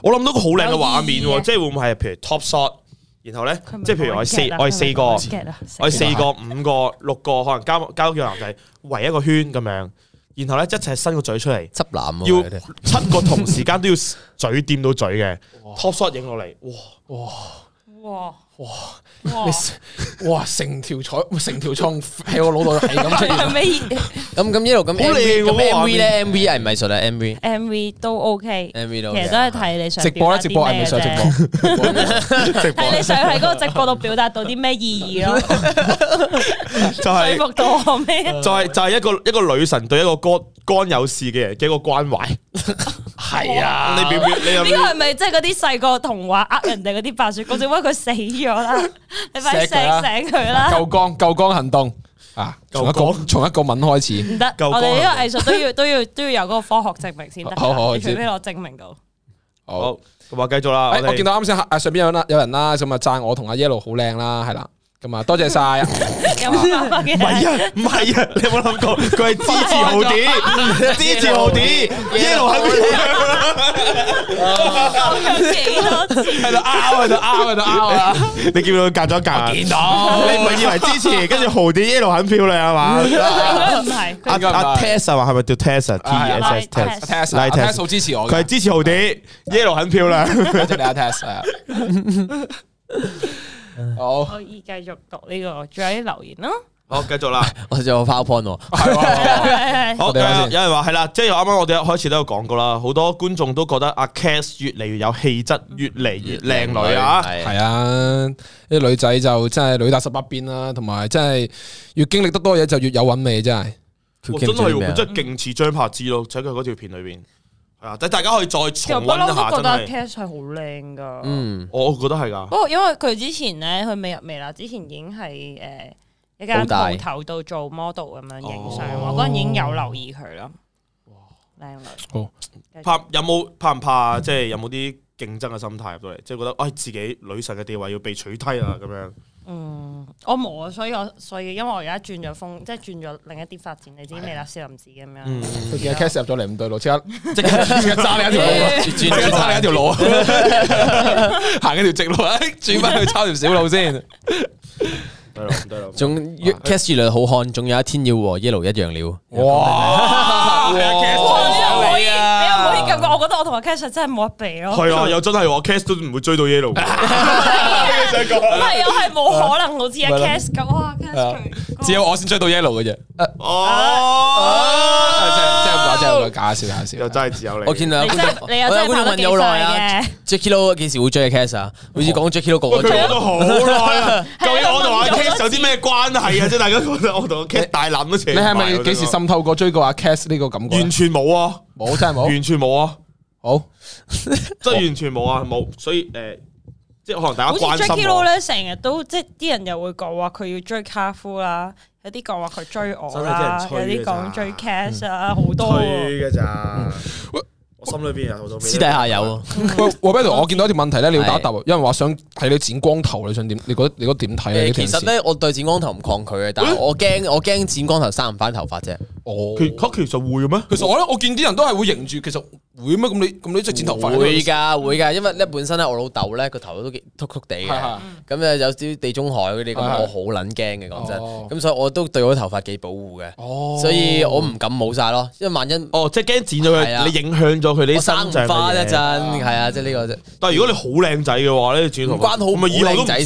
S3: 我諗到一個好靚嘅畫面喎，以即係
S2: 會唔會係譬如 top shot，然後咧，即係譬如我哋四我哋四個，我哋四個五個 六個可能交交到個男仔圍一個圈咁樣，然後咧一齊伸個嘴出嚟，執男、啊、要七個同時間都要嘴掂到嘴嘅 top shot 影落嚟，哇哇哇！哇！哇！
S4: 成條彩，成條創喺我腦袋係咁出
S3: 嚟。
S1: 咁咁一路咁，咁 M V 咧，M V 係咪藝術咧？M V
S3: M V 都 O K，其實都係睇你想直播咧，直播係咪想直播？
S1: 睇你想喺嗰
S3: 個直播度表達到啲咩意義咯？就係服到咩？就係
S2: 就係一個一個女神對一個乾乾有事嘅嘅一個關懷。
S4: 係啊，呢邊呢邊係
S3: 咪即係嗰啲細個童話呃人哋嗰啲白雪公主？因為佢死咗
S4: 啦，你快醒醒佢啦！救光救光行動啊！從一個從一個吻開始，唔得，我哋呢個藝
S3: 術都要都要都要有嗰個科學證明先得，好好先，除非攞證明到。
S2: 好，咁啊，繼續啦。誒，我見到
S4: 啱先啊，上邊有啦，有人啦，咁啊讚我同阿 Yelo 好靚啦，係啦。咁啊，多謝晒。
S5: 唔係啊，
S4: 唔係啊，你
S2: 有冇諗過佢係支持豪 Dee？支持豪 Dee，Yelo 很漂亮？喺
S5: 度拗喺度拗喺度拗啊！
S2: 你叫佢夾咗夾，見到你唔係以為支持，跟住豪 DeeYelo 很漂亮係嘛？唔係阿阿 test 啊？係咪叫 test？T E S T test，test，test，support 支持我。佢係支持豪 Dee，Yelo 很漂亮。就阿 test 啊。好，
S3: 可以繼續讀呢、仲有啲留言咯。
S2: 好，繼續啦，我仲有拋 point 喎。
S3: 好，有
S2: 人話係啦，即係啱啱我哋一開始都有講過啦，好多觀眾都覺得阿 Cas 越嚟越有氣質，越嚟越靚女啊。係啊，
S4: 啲女仔就真係女大十八變啦，同埋真係越經歷得多嘢就越有韻味，真係。哇、哦，真係，佢真係
S2: 勁似張柏芝咯，睇佢嗰條片裏邊。即大家可以再重溫一下真係。其實我都覺得
S3: cast 係好靚噶。
S2: 嗯，我我覺得係㗎。不
S3: 過因為佢之前咧，佢未入微啦，之前已經係誒、呃、寶一間鋪頭度做 model 咁樣影相。哦、我嗰陣已經有留意佢咯。哇，靚女。好。
S2: 怕有冇怕唔怕？即、就、係、是、有冇啲競爭嘅心態入到嚟？即係、嗯、覺得，哎，自己女神嘅地位要被取締啊！咁樣。
S5: 嗯，
S3: 我冇，啊，所以我所以因為我而家轉咗風，即係轉咗另一
S5: 啲發展，你知未啦？少林寺咁
S4: 樣，佢而家 cast 入咗嚟唔對路，即刻即刻揸你一條路，即係揸你一條路，行一條直路，誒，轉翻去抄條小
S1: 路先，仲 cast 越嚟，啊啊，好看，仲有一天要和
S2: Yelo 一樣了，
S5: 哇！
S3: 我同阿 Cash 真係冇得比咯，係啊，又
S2: 真係我 Cash 都唔會追到 Yelo，唔
S3: 係我係冇可能好似阿
S2: Cash 咁，哇，只有我先追到 Yelo 嘅啫，
S4: 哦，即係即
S3: 係咁真即係咁講，
S1: 假笑假笑，又真係只有你。我見到阿
S3: 你
S2: 又真係拍咗耐嘅
S1: ？Jacky Lou 幾時會追阿 Cash 啊？每次講 Jacky Lou 個，我都好耐啊。
S2: 究竟我同阿 Cash 有啲咩關係啊？即係大家覺得我同阿 Cash 大林都似。你係咪幾時滲
S4: 透過追過阿 Cash 呢個感覺？完全冇啊，冇真係冇，完全冇啊。.
S2: 好，oh? 即係完全冇啊，冇，所以誒、呃，即係可能大家關心咧，好似 Jacky
S3: Lou，成日都即係啲人又會講話佢要追卡夫啦，有啲講話佢追我啦， 有啲講追 Cass 啦，好 多
S2: 嘅咋。心裏邊
S4: 有好多，私底下有，我我見到一條問題咧，你要答一答。因為有人話想睇你剪光頭，你想點？你覺得你覺得點睇啊？其實咧，
S1: 我對剪光頭唔抗拒嘅，但係我驚我驚剪光頭生唔翻頭髮啫。
S4: 哦，其其實會嘅咩？其實我咧，我見啲人都係會型住，其實會咩？咁你
S1: 咁你即剪頭髮會噶會噶，因為咧本身咧我老豆咧個頭都幾禿禿地嘅，咁有啲地中海嗰啲咁，我好撚驚嘅，講真。咁所以我都對我啲頭髮幾保護嘅，
S2: 所以我唔
S1: 敢冇晒咯，因
S2: 為萬一哦，即係驚剪咗佢，你影響咗。佢啲生唔花一陣，係啊，即係呢個啫。但係如果你好靚仔嘅話咧，
S1: 主要好唔係以靚仔。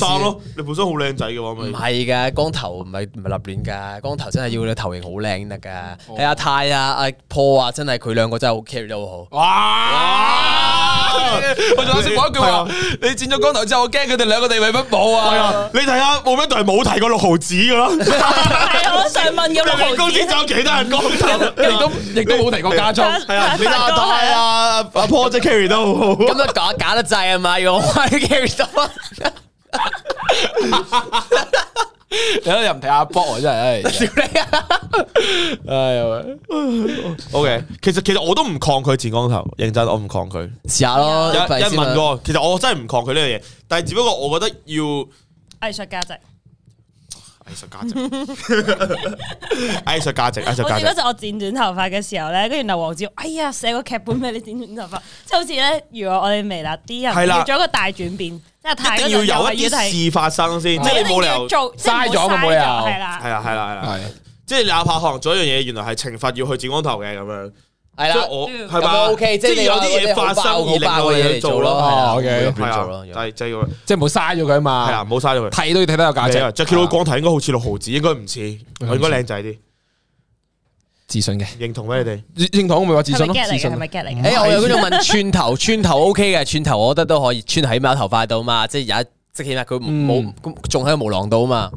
S2: 你本身好靚仔嘅話，咪唔
S1: 係嘅，光頭唔係唔係立亂㗎，光頭真係要你頭型好靚得㗎。係阿太啊，阿 Paul 啊，真係佢兩個真係好 care 得好
S2: 好。
S4: 我仲有想講一句話 對啊對啊，你剪咗光頭之後，我驚佢哋兩個地位不保啊！
S2: 你睇下，冇乜人冇提過六毫子㗎喇，我想問咁樣。六毫子仲有其他人光亦都亦都冇提過加裝。係啊，你都係啊，阿
S1: Po 姐 carry 都好很好。咁咪搞搞得滯咪？要 p e c a r r y 得
S2: 你都 又唔睇阿博，真係唉，笑你啊！哎呀，O K，其實其實我都唔抗拒剪光頭，認真我唔抗拒，試下咯，一問過， 其實我真係唔抗拒呢樣嘢，但係只不過我覺得要，
S3: 哎，藝術價值。
S2: 藝術價值，藝術價值，藝術價值。我就我
S3: 剪短頭髮嘅時候咧，跟住劉皇子：「哎呀，寫個劇本俾你剪短頭髮，即係好似咧，如果我哋微辣，啲人係啦，要做一個大轉變，即係睇緊要有一啲事
S2: 發生對 先，即係你冇理由做，嘥咗都冇理由，係啦，係啦，係啦，係啦，對 對即係阿柏航做一樣嘢，原來係懲罰要去剪光頭嘅咁樣。係啦，我 OK，即係有啲嘢發生，我嚟到嚟做咯，唔會變做咯。但即係唔好嘥咗佢啊嘛。係啊，唔好嘥咗佢。睇都要睇得有價值啊。Jacky 佬光頭應該好似六毫子，應該唔似，應該靚仔啲自信嘅。認同咩？你哋
S4: 認同咪話
S3: 自信咯？自信哎，我有嗰種問
S1: 寸頭，寸頭 O K 嘅，寸頭我覺得都可以。寸喺毛頭髮度嘛，即係而家即係顯得佢冇咁仲喺毛囊度啊嘛。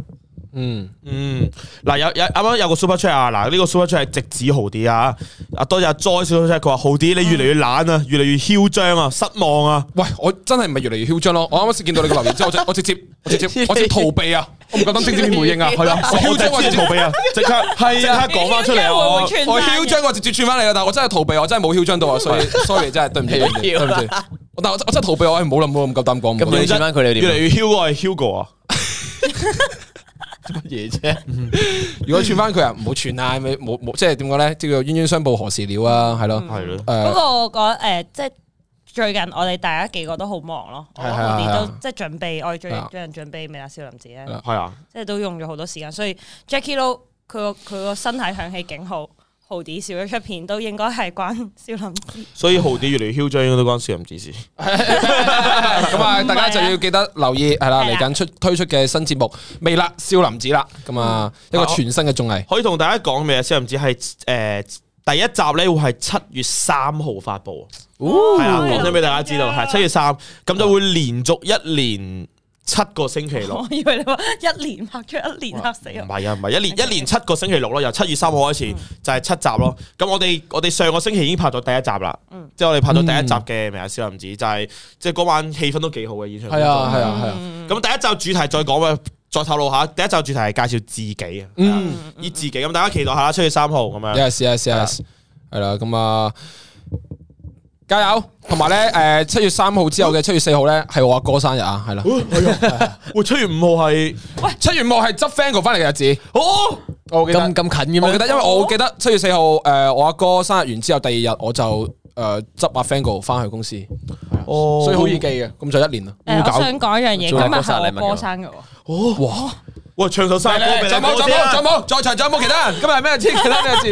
S2: 嗯嗯，嗱有有啱啱有個 super chat 啊，嗱呢個 super chat 係直指豪 Dee 啊，啊多謝阿 Joy super chat，佢話豪 Dee，你越嚟越懶啊，越嚟越囂張啊，失望啊，喂，我真係唔係越嚟越囂張咯，我啱啱先見到你個留言之後，我直接我直
S4: 接我逃避啊，我唔夠膽直接點回應啊，係啦，我直接逃避啊，即刻係即刻講翻出嚟我我囂張我直接串翻嚟啊。但係我真係逃避，我真係冇囂張到啊，sorry sorry 真係對唔起。對唔住，我但我真係逃避，我唉唔好諗冇咁夠膽講，咁你串翻佢哋點？越嚟越囂我係 Hugo 啊。乜嘢啫？ 如果串翻佢啊，唔好串啊，咪冇冇，即係點講咧？即係叫冤冤相報何時了啊？係咯、嗯，係咯、嗯。
S3: 誒，不過我覺得誒，即係最近我哋大家幾個都好忙咯，啊、我哋都即係準備，啊、我哋最最近準備《未啊少林寺》咧，係啊，即係都用咗好多時間，所以 Jacky Lou，佢個佢個身體響起警號。豪 Dee 笑咗出片都應該係關少林，
S2: 所以豪 Dee 越嚟越囂張應該都關少林寺事。咁啊，大家就要記得留意係啦，嚟緊出
S4: 推出嘅新節目未啦？少
S2: 林寺啦，咁、嗯、啊一個全新嘅綜藝，可以同大家講未啊？少林寺係誒第一集咧會係七月三號發布，係、哦、啊，講俾大家知道係七月三，咁就會連續一年。七個星期六，我以
S3: 為你話一年拍出一年
S2: 黑死啊！唔係啊，唔係一年，一年七個星期六咯，由七月三號開始就係七集咯。咁、嗯、我哋我哋上個星期已經拍咗第一集啦，嗯、即係我哋拍咗第一集嘅咩啊小林子，就係即係嗰晚氣氛都幾好嘅演唱會。係啊係啊係啊！咁、啊啊嗯、第一集主題再講啊，再透露下第一集主題係介紹自己、
S5: 嗯、
S2: 啊，以、嗯、自己咁大家期待下啦，七月三號咁樣。Yes yes yes，係啦，咁啊。加油！
S4: 同埋咧，誒，七月三號之後嘅七月四號咧，係我阿哥生日啊，係啦。我七月五號係，七月五號係執 Fango 翻嚟嘅日子。哦，咁咁近嘅我記得，因為我記得七月四號，誒，我阿哥生日完之後，第二日我就誒執阿 Fango 翻去公司。哦，所以好易記嘅，咁就一年啦。誒，我想講一樣嘢，今日係我波生日。
S2: 哦，哇！喂，唱首生日歌俾你。哥聽再冇，再冇，
S4: 在場，仲有冇其他人？今日係咩字？其
S2: 他咩字？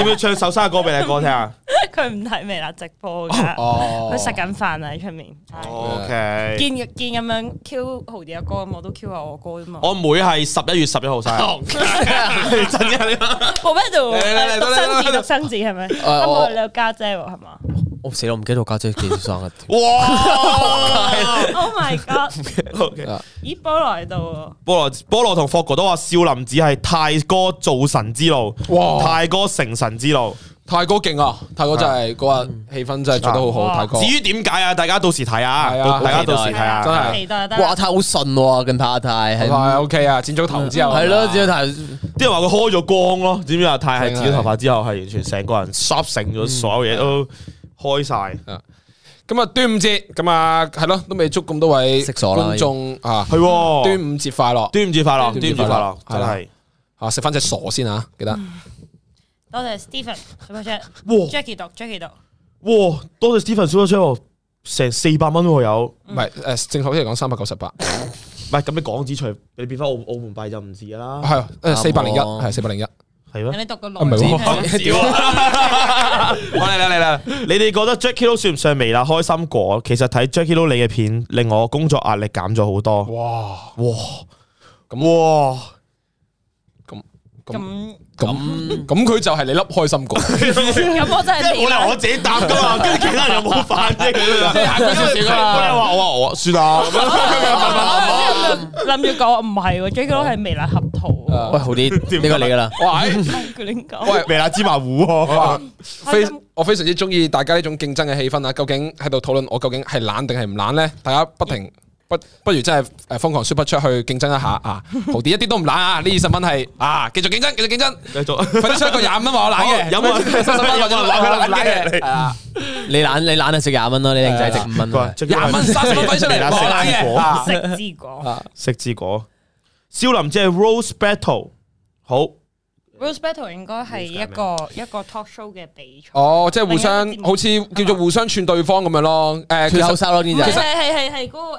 S2: 要唔要唱首生日歌俾阿哥聽啊？
S3: 佢唔睇未啦，直播啫。佢食緊飯啊，喺出面。
S2: O K。見
S3: 見咁樣 Q 豪 Dee 嘅哥，咁我都 Q 下我哥啫嘛。
S2: 我妹係十一月十一號生。真噶？
S3: 我咩做？生子，生子係咪？我冇你家姐係嘛？
S2: 我死我唔記得家姐幾時生日啊！
S3: 哇！Oh my god！咦？菠蘿喺度啊！
S2: 菠蘿菠蘿同霍哥都話少林寺係泰哥造神之路，哇！泰哥成神之路，
S4: 泰哥勁啊！泰哥真係嗰日氣氛真係做得好好。至於
S2: 點解啊？大家到時睇啊！大家到時睇下！真係，
S1: 哇！太好順喎，跟太太係 OK 啊！剪咗頭
S4: 之後係咯，剪咗
S2: 頭啲人話佢開咗光咯。知唔知阿泰係剪咗頭髮之後係完全成個人刷成咗所有嘢都。開晒，咁 啊樂、嗯、端午節，咁啊係咯，都未祝咁多位食傻啦觀眾啊，係
S4: 端午節快樂、嗯，端午節快樂，端午節快樂，係啦，啊食翻隻傻先啊，記得、嗯、
S3: 多謝 Steven，輸咗 jack，Jackie dog，Jackie dog
S2: 多謝 Steven 輸咗 jack 成四百蚊有，唔係誒正確啲嚟講三百九十八，唔係，咁你港紙除你變翻澳澳門幣就唔止啦，係誒四百零一，係四百零一。呃401，嗯係咯，你讀個六唔知？少啊！嚟啦嚟啦，你哋覺得 Jacky Lou 都算唔算微辣開心果？其實睇 Jacky Lou 都你嘅片，令我工作壓力減咗好多。哇哇咁哇！哇哇咁咁
S4: 咁佢就係你粒開心果，
S2: 咁我就係即係我嚟，我自己答噶嘛，跟住其他人又冇反應，即係行咗少
S1: 少啦。
S4: 我
S3: 話我話我算啦，諗住講唔係，J K 係微辣合桃，
S1: 喂，好啲點解？你噶啦，
S4: 喂微辣芝麻糊，我非我非常之中意大家呢種競爭嘅氣氛啊，究竟喺度討論我究竟係懶定係唔懶咧？大家不停。不不如真係誒瘋狂輸不出去競爭一下啊！豪 Dee 一啲都唔懶啊！呢二十蚊係啊，繼續競爭，繼續競爭，繼續揮出一個廿五蚊話我懶嘅，有冇？三十蚊我話懶嘅，係啊！
S1: 你懶你懶就食
S2: 廿蚊咯，你靚仔食五蚊，廿蚊三十蚊揮出嚟食之果，食之果。少林即係 Rose Battle，好。
S3: Rose Battle 應該係一個一個 talk
S4: show 嘅比賽，哦，即係互相好似叫做互相串對方咁樣咯。誒，其實少林其實係個誒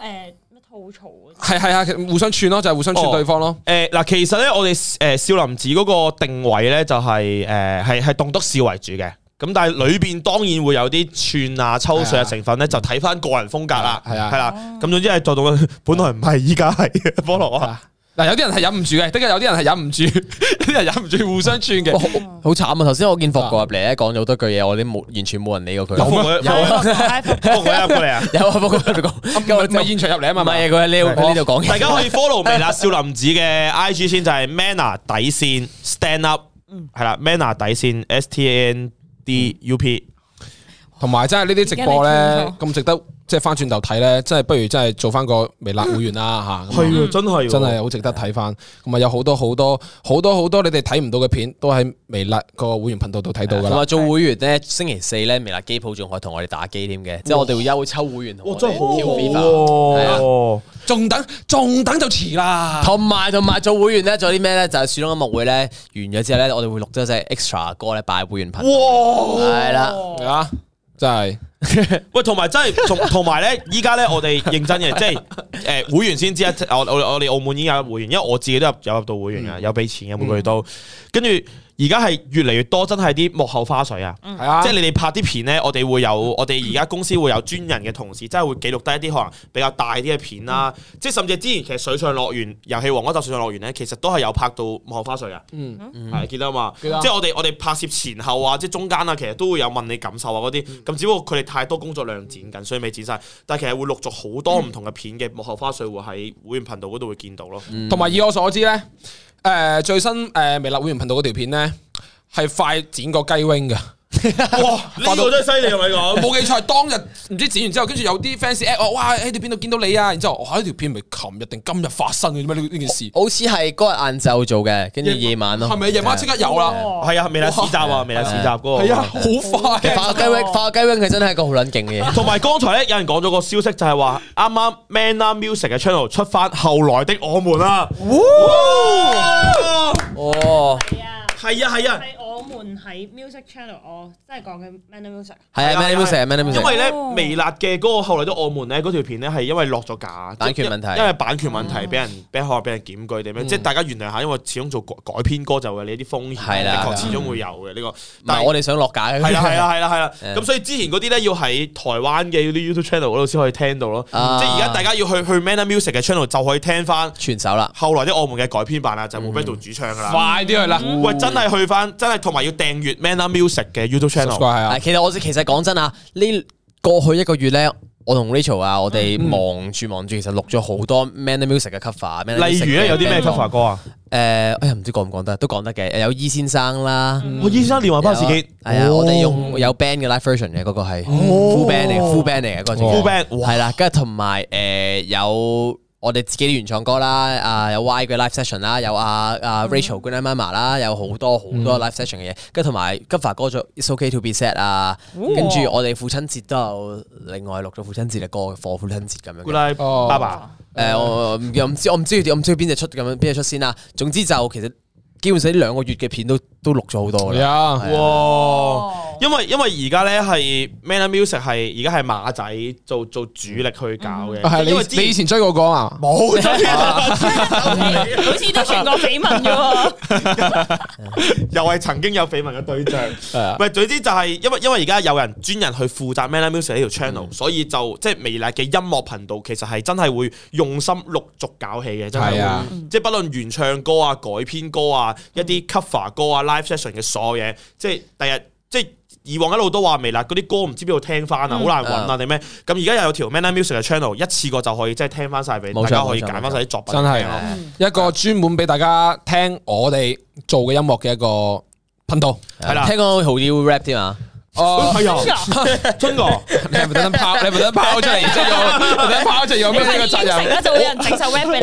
S4: 吐
S2: 槽啊，係係啊，互相串咯，就係互相串對方咯。誒嗱，其實咧，我哋誒少林寺嗰個定位咧就係誒係係棟篤笑為主嘅，咁但係裏邊當然會有啲串啊、抽水嘅成分咧，就睇翻個人風格啦，係啊，係啦。咁總之係做到，本來唔係，依家係菠蘿啊。嗱， 有啲人係忍唔住
S4: 嘅，真係有啲人係忍
S2: 唔住，啲 人忍唔住 互相串嘅、哦，
S1: 好慘啊！頭先我見福哥入嚟，講咗好多句嘢，我啲冇完全冇人理過佢嗎。 有冇
S2: 福哥 啊？福哥入嚟啊？有福哥入
S1: 嚟講，今日唔係現場入嚟啊嘛？唔係佢喺呢度講，大家可以 follow 咪啦
S2: 少林寺嘅 IG 先，就係 Manna 底線 stand up，係啦 Manna 底線 s t n d up。同埋真係呢啲直播
S4: 咧咁值得，即係翻轉頭睇咧，真係不如真係做翻個微辣會員啦吓。係啊 樣，真係，真係好值得睇翻。同埋的有好多好多好多好多你哋睇唔到嘅片，都喺微辣個會員頻道度睇到㗎啦。同埋
S1: 做會員咧，星期四咧，微辣機鋪仲可以同我哋打機添嘅，哇即係我哋會抽會員。哇，仲、啊、等仲等就遲啦。同埋同埋做會員咧，做啲咩咧？就係樹窿音樂會咧完咗之後咧，我哋會錄咗隻
S2: extra 歌咧，擺會員頻道。
S5: 哇，係啦
S2: 啊！哇真係， 喂，同埋真係，同同埋咧，依家咧，我哋認真嘅， 即係誒、呃，會員先知啊！我我我哋澳門已經有會員，因為我自己都入有入到會員啊，嗯、有俾錢嘅，每個月都跟住。而家係越嚟越多，真係啲幕後花絮啊！嗯、即係你哋拍啲片呢，我哋會有我哋而家公司會有專人嘅同事，真係會記錄低一啲可能比較大啲嘅片啦。嗯、即係甚至之前其實水上樂園、遊戲王嗰集水上樂園呢，其實都係有拍到幕後花絮啊。嗯，係記得嘛？記得。即係我哋我哋拍攝前後啊，即係中間啊，其實都會有問你感受啊嗰啲。咁、嗯、只不過佢哋太多工作量剪緊，所以未剪晒。但係其實會錄咗好多唔同嘅片嘅幕後花絮，會喺會員頻道嗰度會見到咯。同埋、嗯
S4: 嗯、以我所知呢。誒、呃、最新誒、呃、微辣會員頻道嗰條片咧，係快剪過雞 wing 嘅。
S2: 哇！呢個真係犀利，同你講冇記錯，
S4: 當日唔知剪完之後，跟住有啲 fans at 我，哇！喺條片度見到你啊？然之後，吓呢條片唔係琴日定今日發
S1: 生嘅咩呢件事？好似係嗰日晏晝做嘅，跟住
S4: 夜晚咯。係咪夜晚即刻有啦？係
S2: 啊，未達試集啊，未達試集嗰個。係啊，好快！發雞 wing，發雞 wing，佢真係一個好撚勁嘅嘢。同埋剛才咧，有人講咗個消息，就係話啱啱 Man Music 嘅 channel 出翻後來的我們啦。哇！哦，係啊，係啊，係啊。換喺 music channel，我即係講嘅 Mana Music 因為咧，微辣嘅歌後來啲澳門咧嗰條片咧係因為落咗架，版權問題，因為版權問題俾人俾學俾人檢舉點樣，即係大家原諒下，因為始終做改改編歌就會有呢啲風險，的確始終會有嘅呢個。唔係我哋想落架，係啦係啦係啦係啦。咁所以之前嗰啲咧要喺台灣嘅啲 YouTube channel 嗰度先可以聽到咯。即係而家大家要去去 Mana Music 嘅 channel 就可以聽翻全首啦。後來啲澳門嘅改編版啦就冇俾到主唱噶啦。快啲去啦！喂，真係去翻，真係同埋。要訂閱 Manner Music 嘅 YouTube channel，係啊。
S1: 其實我其實講真啊，呢過去一個月咧，我同 Rachel 啊，我哋忙住忙住如，其實錄咗好多 Manner Music 嘅 cover。咩、嗯？例如咧，有啲咩 cover 歌啊？誒，哎呀，唔知講唔講得，都講得嘅。有 E 先生啦，
S2: 哇，E、嗯哦、先生連環不幸事件。係啊，我哋用
S1: 有 band 嘅 live version 嘅嗰個係 full、哦、band 嚟，full band 嚟嘅嗰個。full band，係啦，跟住同埋誒有。呃有我哋自己原創歌啦，啊有 Y 嘅 live session 啦、mm hmm.，有阿阿 Rachel Guanima m a 啦，有好多好多 live session 嘅嘢，跟住同埋 Guffa 哥做《It's Ok To Be Sad、哦》啊，跟住我哋父親節都有另外錄咗父親節嘅歌，過父親節咁樣，Good Night Baba 誒，我唔知，我唔知點，我唔知邊隻出咁樣，邊隻出先啦。總之就其實，基本上呢兩個月嘅片都都錄咗好多
S4: 啦。Yeah. 啊、哇！
S2: 因為因為而家咧係 Manner Music 係而家係馬仔做做主力去搞嘅，係你、嗯、你以前
S4: 追過歌啊？冇追啊，好似都傳過緋聞
S2: 嘅，又係曾經有緋聞嘅對象。唔 總之就係因為因為而家有人專人去負責 Manner Music 呢條 channel，所以就即係、就是、微辣嘅音樂頻道，其實係真係會用心陸續搞起嘅，真係，啊嗯、即係不論原唱歌啊、改編歌啊、一啲 cover 歌啊、live session 嘅所有嘢，即係第日即係。以往一路都話微辣，嗰啲歌唔知邊度聽翻啊，好、嗯、難揾啊定咩？咁而家又有條 Manner Music 嘅 channel，一次過就可以即係、就是、聽翻曬俾大家可以揀翻晒啲作品錯。錯真係
S4: 一個專門俾大家聽我哋做嘅音樂嘅一個頻
S1: 道。係啦、嗯，了聽講好要 rap 添啊！
S6: 哦，係啊，春哥、嗯， 你係咪等陣
S4: 你係咪等陣出嚟？而家有等陣出嚟有咩呢個責任？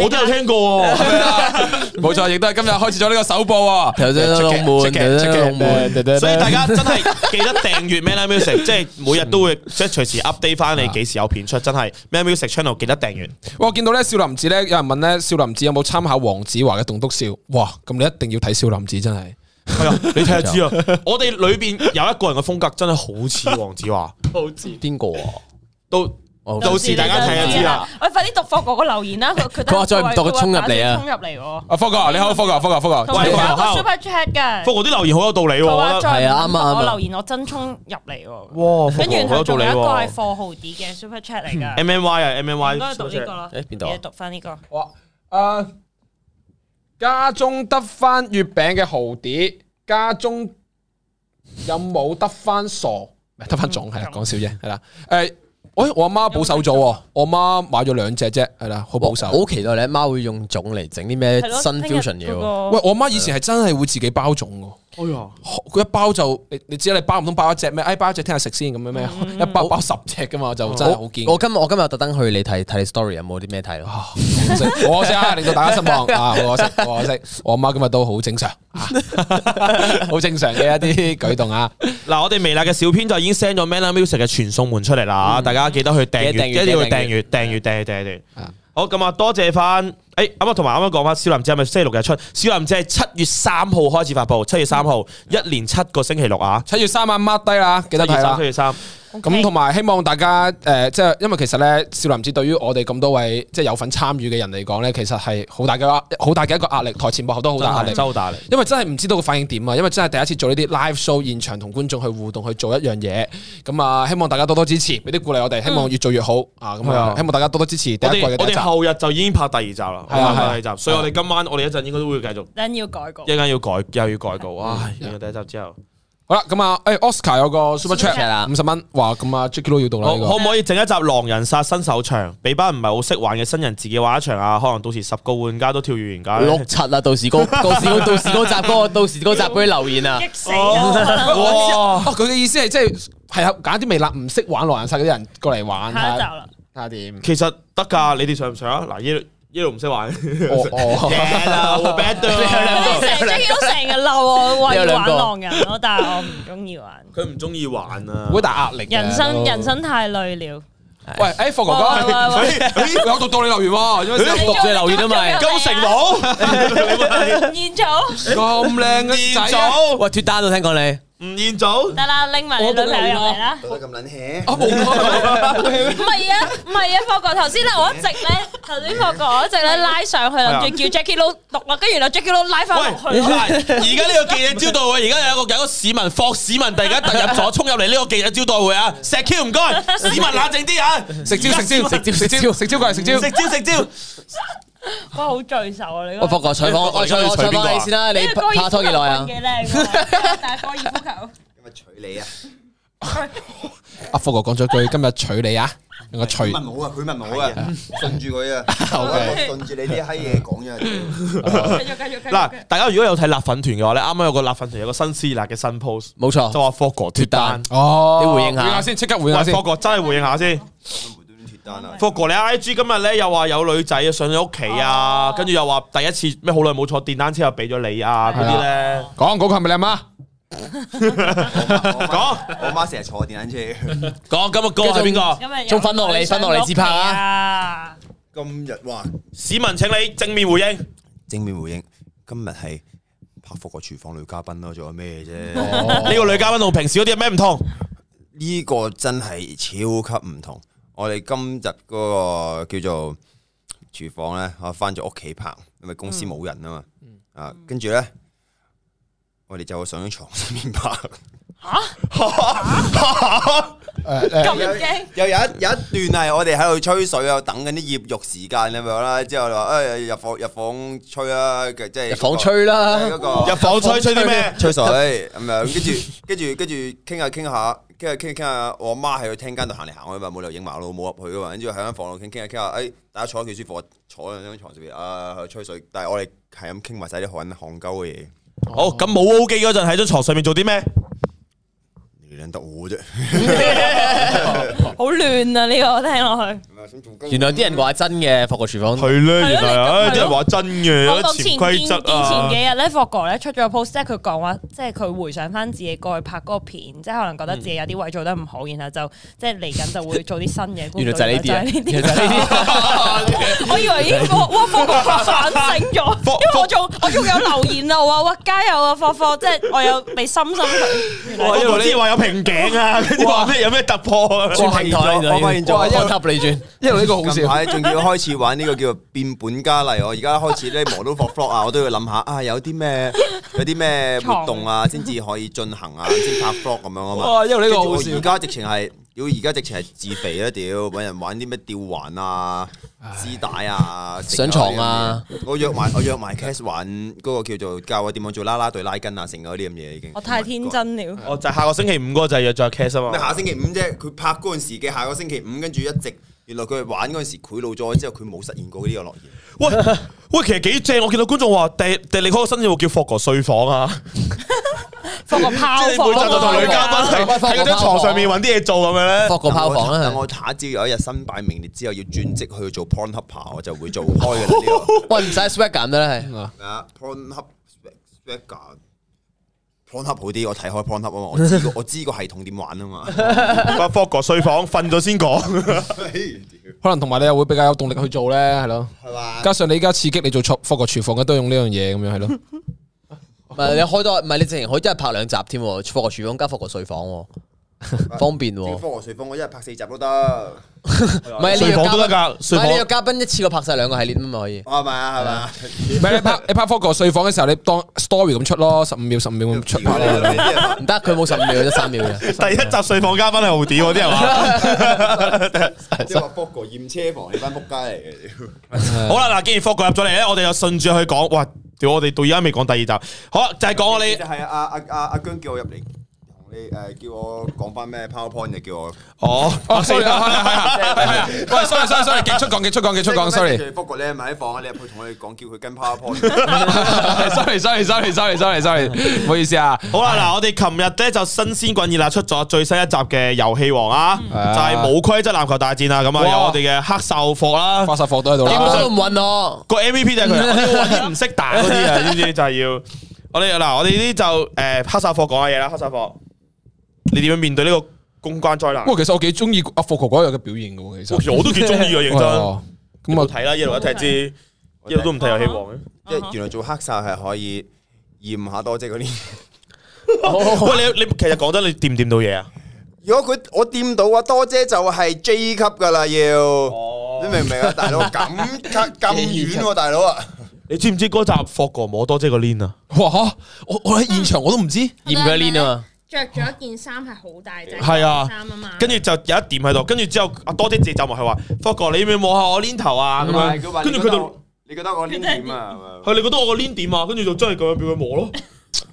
S4: 我都有聽過
S2: 喎、啊，冇 錯，亦都係今日開始咗呢個首播、啊。出，出，出，出 ally，所以大家真係記得訂閱 m u s i c 即係每日都會即係隨時 update 翻 你幾時有片出，真係 m u s, 嗯、 i c Channel 記得訂閱。
S4: 我見到咧少林寺咧有人問咧少林寺有冇參考黃子華嘅《棟篤笑》？哇，咁你一定要睇少林寺，真係。係啊，你睇下，知啦。
S2: 我哋裏邊有一個人嘅風格真係好似黃子華，好似邊個啊？到到時大家睇下，知啦。
S3: 喂快啲讀福哥嘅留言啦。佢佢再唔讀佢衝入嚟啊！
S4: 衝入嚟。阿福哥，你好，福哥，福哥，福哥，喂，我 super
S3: chat 嘅！福哥啲留言好有道理，係啊，啱啱。我留言我真衝入嚟。哇！跟住佢仲有一個係貨號啲嘅 super chat 嚟噶。M M Y 啊，M M Y。邊度？再讀翻呢個。哇！
S4: 誒。家中得翻月餅嘅豪 Dee，家中有冇得翻傻？得翻種係啦，講少嘢係啦。誒，喂，我阿媽保守咗，我媽買咗兩隻啫，係啦，好保守。好期待你阿媽會用種嚟整啲咩新 fusion 嘢。喂、那個欸，我媽以前係真係會自己包粽。哎呀，佢一包就你你知你包唔通包一隻咩？哎，包一隻聽下食先咁樣咩？一包包十隻噶嘛，
S1: 就真係好見。我今日我今日特登去你睇睇 story 有冇啲咩睇？可好可惜啊！令到
S4: 大家失望啊！可惜，可惜。
S2: 我阿媽今日都好正常，好正常嘅一啲舉動啊！嗱，我哋微辣嘅小編就已經 send 咗《Manner Music》嘅傳送門出嚟啦，大家記得去訂閱，一定要訂閱，訂閱，訂閱，訂閱。好，咁啊，多謝翻。誒，咁啊、哎，同埋啱啱講翻《少林寺》係咪星期六日出？《少林寺》係七月三號開始發布，七月三號，嗯、一連七個星期六啊！七、嗯、月三啊，mark 低啦，記得係七月三，咁同埋希望大家
S4: 誒，即、呃、係因為其實咧，《少林寺》對於我哋咁多位即係、就是、有份參與嘅人嚟講咧，其實係好大嘅好大嘅一個壓力，台前幕後都好大壓力，真好大。因為真係唔知道個反應點啊！因為真係第一次做呢啲 live show，現場同觀眾去互動去做一樣嘢，咁、嗯、啊、嗯，希望大家多多支持，俾啲鼓勵我哋，
S2: 希望越做越好啊！咁啊、嗯，希望大家多多支持。嗯、第一季嘅第一集，後日就已經拍第二集啦。係啊，第一集，所以我哋今晚我哋一陣應該都會繼續，一陣要改稿，一陣要改，又要改稿，哇！完咗第一集之後，
S4: 好啦，咁啊，誒，Oscar 有個 super chat 啊，五十蚊，哇，咁啊，Jacky 都要到啦，可唔可
S2: 以整一集《狼人殺》新手場俾班唔係好識玩嘅新人自己玩一場啊？可能到時十個玩家都跳完噶，六
S1: 七啦，到時個，到時個，
S2: 到時個集個，到時個集嗰啲留言啊，
S4: 激死啊！哇，
S2: 佢嘅意思係即係係揀啲未嗱唔識玩狼人殺嘅人過嚟玩睇下，睇下點，其實得噶，你哋想唔想啊？嗱，呢？一路唔識玩，嘅啦，bad 對啦，成日我成日嬲我玩玩狼人咯，
S3: 但係我唔中意
S2: 玩。佢唔中意玩啊，好大壓力。人生
S3: 人生太累
S4: 了。喂，誒，豪哥哥，有讀到你留言，因為讀者留言啊嘛。咁
S1: 成功？
S3: 艷祖，咁靚嘅
S1: 仔，哇，脫單啦，聽講你。吳彥祖，得
S3: 啦，拎埋你
S6: 女朋友入嚟啦，做乜咁
S2: 捻氣？我
S3: 冇啊，唔係啊，唔係啊，霍哥頭先咧，我一直咧，頭先霍哥我一直咧拉上去，跟住叫 Jacky Lou 讀啊，跟住原來 Jacky Lou 拉翻落去。
S2: 而家呢個記者招待會，而家有個有個市民，霍市民突然間突入咗，衝入嚟呢個記者招待會啊！石 Q 唔該，市民冷靜啲啊！食蕉，食蕉，食蕉，食蕉，食蕉過嚟，食蕉，食蕉，食蕉。
S3: 我好聚仇啊！你阿福哥娶房，我娶我娶邊個先啦？你拍拖幾耐啊？打高爾
S6: 夫球。今
S4: 日娶你啊！阿福哥講咗句：今日娶你啊！我娶。
S2: 問我啊，佢問我啊，順
S6: 住佢啊，順住你啲閪嘢講啫。繼續繼
S2: 續。嗱，大家如果有睇辣粉團嘅話咧，啱啱有個辣粉團有個新撕辣嘅新 post，冇錯，就話福哥脫單哦，你回應下先，即刻回應下先，福哥真係回應下先。福哥，你 I G 今日咧又話有女仔上咗屋企啊，啊跟住又話第一次咩好耐冇坐電單車又俾咗你啊，嗰啲咧講講，係咪你阿媽？
S6: 講， 我媽成日坐電單車。講今日講咗邊個？今日分落你？分落你自拍啊！今日哇，市民請你正面回應，正面回應，今日係拍福哥廚房女嘉賓咯，啊，仲有咩啫？呢、哦、個女嘉賓同平時嗰啲有咩唔同？呢個真係超級唔同。我哋今日嗰個叫做廚房咧，我返咗屋企拍，因為公司冇人嘛、嗯嗯、啊嘛哈、 啊。啊，跟住咧，我哋就上咗床上面拍。吓！咁樣又有一有一段係我哋喺度吹水啊，等緊啲醃肉時間咁樣啦。之後就話誒入房入房吹啦，即係入房吹啦。個、啊、入房吹吹啲咩？吹水咁樣。跟住跟住跟住傾下傾下。傾下傾下，我阿媽喺佢廳間度行嚟行去嘛，冇理由影埋老母入去噶嘛。跟住喺間房度傾傾下傾下，哎，大家坐喺幾舒服，坐喺張床上面，啊，吹水。但係我哋係咁傾埋晒啲焊焊鳩嘅嘢。
S2: 好，咁冇 O 記嗰陣喺張床上面做啲咩？
S6: 你諗得我啫。好
S3: 亂啊！呢個聽落去。
S1: 原來啲人話真嘅霍哥廚房係咧，係咯，真係話
S2: 真嘅，我前見前幾日咧
S3: 霍哥咧出咗個 post，咧佢講話即係佢回想翻，自己過去拍嗰個片，即係可能覺得自己有啲位做得唔好，然後就即係嚟緊就會做啲新嘢。原來就係呢啲，我以為已
S1: 經
S3: 霍霍霍反省
S1: 咗，因為我仲我仲有留
S3: 言啊，話哇加油啊霍霍，即係我有被深
S5: 深，
S2: 我以為你話有瓶頸啊，跟住話
S6: 咩有咩突破啊，轉平台啊，我咪現在開級你轉。因為呢個好笑，近排仲要開始玩呢個叫做變本加厲， 我而家開始咧磨到發 vlog 啊，我都要諗下啊，有啲咩有啲咩活動啊，先至可以進行啊，先拍 vlog 咁樣啊嘛。因為呢個好笑，而家直情係，屌而家直情係自肥啦、啊、屌，搵人玩啲咩吊環啊、絲帶唉啊、上、啊、床啊。我約埋我約埋 cast 玩嗰個叫做教我點樣做啦啦隊拉筋啊，成嗰啲咁嘢已經。
S3: 我太天真了。
S6: 我就下個星期五嗰個就約咗 cast 啊嘛。下星期五啫，佢拍嗰陣時嘅下個星期五，跟住一直。原來佢玩嗰陣時賄賂咗之後佢冇實現過呢個諾言。
S2: 喂喂，其實幾正，我見到觀眾話，第第離開個新節目叫霍哥睡房啊，
S6: 霍個
S2: 泡房。即係每日我同女嘉賓喺張床上面搵啲
S6: 嘢做咁樣咧。霍個泡房啦，等我下一朝有一日身敗名裂之後要轉職去做 Pornhub 我就會做開噶啦。喂、 這個，唔使 s,、嗯、s, p a g g e r 都係。啊 Pornhub s w a g g e 碰合好啲，我睇開碰合啊嘛，我知我知個系統點玩啊嘛。
S2: 不如《福哥睡房》瞓咗先講，
S4: 可能同埋你又會比較有動力去做咧，係咯。係吧加上你依家刺激你做《福哥廚房》都用呢樣嘢咁樣係咯。
S1: 唔係 你開多，唔係你之前可以真係拍兩集添，《福哥廚房》加《福哥睡房》。方便喎，福
S6: 和睡房，我一日拍四集都得，唔係你房都得
S1: 噶，你個嘉賓一次過拍晒兩個系列咁咪可以？係咪啊？
S4: 係咪啊？唔係你拍你拍福和睡房嘅時候，你當 story 咁出咯，十五秒十五秒咁出唔
S2: 得，佢冇十五秒，得三秒。第一集睡房嘉賓係豪 Dee，啲人話即係話
S6: 福和驗車房呢班撲街嚟嘅。好啦，嗱，既然 f 福和入咗嚟咧，我哋
S2: 就順住去講，哇，屌，我哋到而家未講第二集，
S6: 好就係講我哋係啊，阿阿阿阿姜叫我入嚟。誒，叫我講翻咩 PowerPoint，你叫我哦，sorry，係係係，喂，sorry，sorry，sorry，急出講，急出講，急出講，sorry，不過咧咪喺房，我哋入去同我哋講，叫佢跟
S2: PowerPoint，sorry，sorry，sorry，sorry，sorry，sorry，唔好意思啊，好啦，嗱，我哋琴日咧就新鮮滾熱啦，出咗最新一集嘅遊戲王啊，就係冇規則籃球大戰啦，咁啊有我哋嘅黑瘦貨啦，八十貨都喺度，根本都
S1: 唔穩咯，個 MVP 就
S2: 係佢，啲唔識打嗰啲啊，知唔知就係要我哋嗱，我哋呢就誒黑瘦貨講下嘢啦，黑瘦貨。你點樣面對呢個公關災難？不過
S4: 其實我幾中意阿 f 哥嗰日嘅表
S6: 現嘅，其實我都幾中意啊！認真咁我睇啦，一路一睇，知一路都唔睇遊戲王嘅。因為原來做黑哨係可以驗下多姐嗰啲。喂，你你其實講真，你掂唔掂到嘢啊？如果佢我掂到啊，多姐就係 J 級噶啦，要你明唔明啊，大佬？咁近咁遠，大佬啊！
S2: 你知唔知嗰集 Fogo 摸多姐個鏈啊？我我喺現場我都唔知，驗佢鏈啊嘛。
S6: 着咗一件
S2: 衫係好大隻，係啊，衫啊嘛，跟住就有一點喺度，跟住之後阿多姐自己走埋去話，福哥你要唔要摸下我鏈頭啊？咁樣，跟住佢就你覺得我鏈點啊？係你覺得我個鏈點啊？跟住就真係咁樣俾佢摸咯。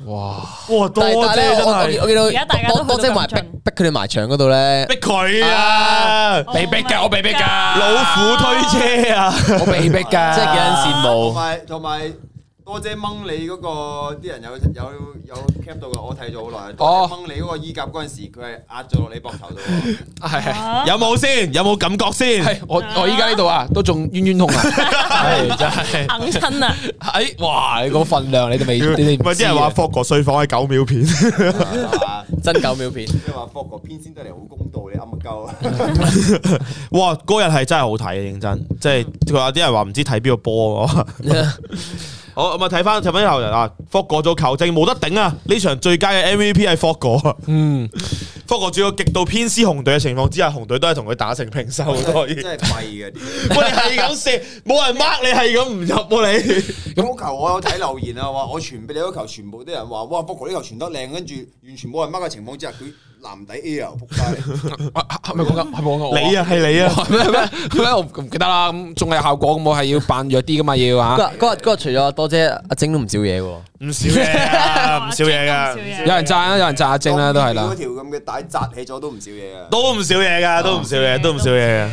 S2: 哇，哇多姐真係，我見到而家大家都好逼
S1: 逼佢哋埋牆嗰度咧，逼
S2: 佢啊，
S1: 被
S6: 逼噶，我被逼噶，老虎推車啊，我被逼噶，真係幾人羨慕。同埋。波姐掹你嗰個啲人有有有 cap 到嘅，我睇咗好耐。掹你嗰個衣夾嗰陣時，佢係壓咗落你膊頭度。
S2: 係係，有冇先？有冇感覺先？我我依家呢度
S4: 啊，都仲冤冤痛
S6: 啊！係真
S2: 係硬親啊！哎，哇！你個份量你都未？你哋唔係啲人話霍國睡房係九秒片係
S1: 嘛？真九秒片。你話霍國偏先得嚟好公道，你啱
S2: 唔啱鳩？哇！嗰日係真係好睇，認真。即係佢話啲人話唔知睇邊個波。好咁啊！睇翻尋晚啲球場啊福哥做球證冇得頂啊！呢場最佳嘅 MVP 係福哥。嗯，福哥主要極度偏私紅隊嘅情況之下，紅隊都係同佢打成平
S6: 手，都可以真係廢嘅， 你係咁射，冇人 mark 你係咁唔入喎，啊、你。咁 球我有睇留言啊，話我傳俾你嗰球，全部啲人話哇，福哥呢球傳得靚，跟住完全冇人 mark 嘅情況之下佢。男底 A 又仆街，係咪講緊？係
S4: 咪講你啊，係你啊？咩咩？我唔記得啦。咁仲係效果咁，我係要扮弱啲噶嘛，要啊！嗰
S6: 日
S1: 嗰日除咗多姐，阿晴都唔少嘢喎，唔少嘢，唔少嘢
S6: 噶。有人讚
S1: 啦，有人讚
S4: 阿晴啦，都係啦。條
S6: 咁嘅
S1: 帶紮起咗都唔少嘢啊！都唔少嘢噶，都唔少
S4: 嘢，都唔少嘢。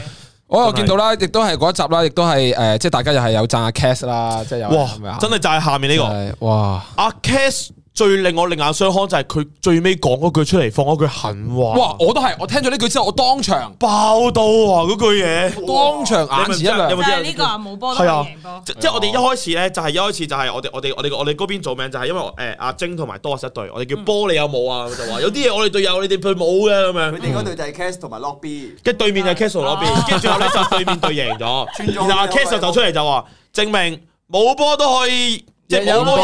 S4: 我又見到啦，亦都係嗰一集啦，亦都係誒，即係大家又係有讚阿 Cass 啦，即係哇，真係
S2: 讚喺下面呢個哇阿 Cass。最令我另眼相看就係佢最尾講嗰句出嚟，放嗰句狠話。哇！
S4: 我都係，我聽咗呢句之後，我當場
S2: 爆到啊！嗰句嘢，當場眼前一亮。即係呢個冇波都可以贏波。即係我哋一開始咧，就係一開始就係我哋我哋我哋我哋嗰邊做名就係因為誒阿晶同埋多實隊，我哋叫波你有冇啊？我就話有啲嘢我哋隊友你哋冇嘅咁樣。佢哋嗰隊
S6: 就係 Castle 同埋 Lock B，
S2: 跟對面就 Castle Lock B，跟住我咧就對面隊贏咗。然後 Castle 就出嚟就話證明冇波都可以即冇波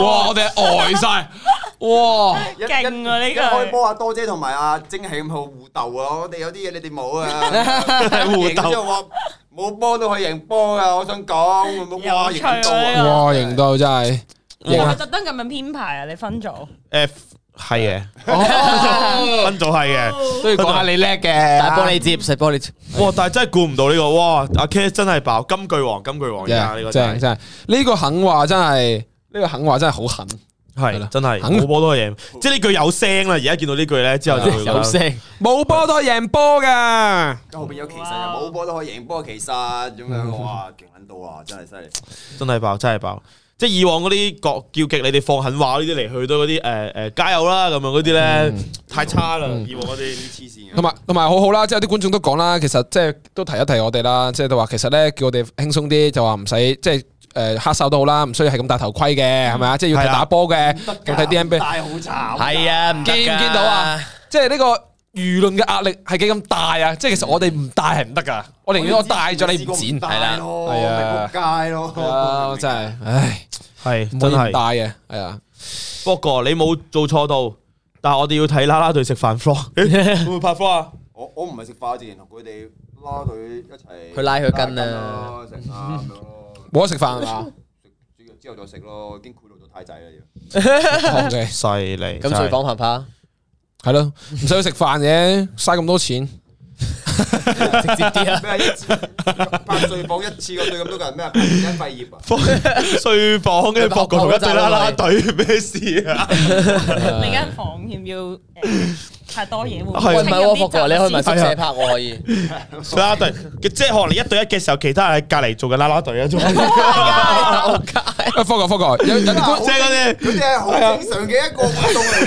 S2: 哇！我哋呆晒，
S6: 哇，勁啊！呢個開波啊，多姐同埋阿晴係咁好互鬥啊！我哋有啲嘢你哋冇啊，互鬥。即係話冇波都可以贏波噶，我想講。哇，贏到，哇，
S4: 贏到真係。係咪特
S3: 登咁樣編排啊？你分組
S2: ？F，係嘅，分組係嘅。所以講下你叻嘅，打玻璃接食玻璃。哇！但係真係估唔到呢個。哇！阿 K 真係爆金句王，金句王而家呢個真係真係。呢個肯話真係。呢個狠話真係好狠，係啦，真係冇波都可以贏，即係呢句有聲啦。而家見到呢句咧之後就，有聲冇波都可以贏波噶。後邊有
S6: 其實冇波都可以贏波，其實咁樣哇，勁到啊，真係犀
S2: 利，真係爆，真係爆。即係以往嗰啲角叫極你哋放狠話呢啲嚟去到嗰啲誒誒加油啦咁樣嗰啲咧太差啦。以往嗰啲黐線。同埋
S4: 同埋好好啦，即係有啲觀眾都講啦，其實即係都提一提我哋啦，即係都話其實咧叫我哋輕鬆啲，就話唔使即係。誒，黑手都好啦，唔需要係咁戴頭盔嘅，係咪啊？即係要打波嘅，咁睇啲 NBA 戴好慘，係啊！見唔見到啊？即係呢個輿論嘅壓力係幾咁大啊？即係其實我哋唔戴係唔得噶，我寧願我戴咗你唔剪，係啦，
S6: 係啊，撲街
S2: 咯，真係，唉，係真係戴啊。係啊。不過你冇做錯到，但係我哋要睇啦啦隊食飯，flag 會
S6: 唔會拍 flag 啊？我我唔係食飯，自然同佢哋拉佢一齊去拉佢跟啊。
S4: 冇得食飯係嘛？
S6: 之後再食咯，已經攰到都太仔啦，
S4: 要，犀利。咁睡房怕怕，係咯， 唔使去食飯嘅，嘥咁多錢。 直接啲啊！咩？一
S6: 睡房一次對咁多個人咩？肺炎啊！睡
S2: 房跟住博同一對拉拉隊，咩事啊？你
S3: 間房險要。太多嘢，我唔係我，
S2: 佛哥，你去埋宿舍拍我可以。拉隊，即係學你一對一嘅時候，其他喺隔籬做緊拉拉隊啊，做。哇！唔解。阿佛哥，佛哥，有有啲好正嗰啲，嗰啲係好正常嘅一個活動嚟。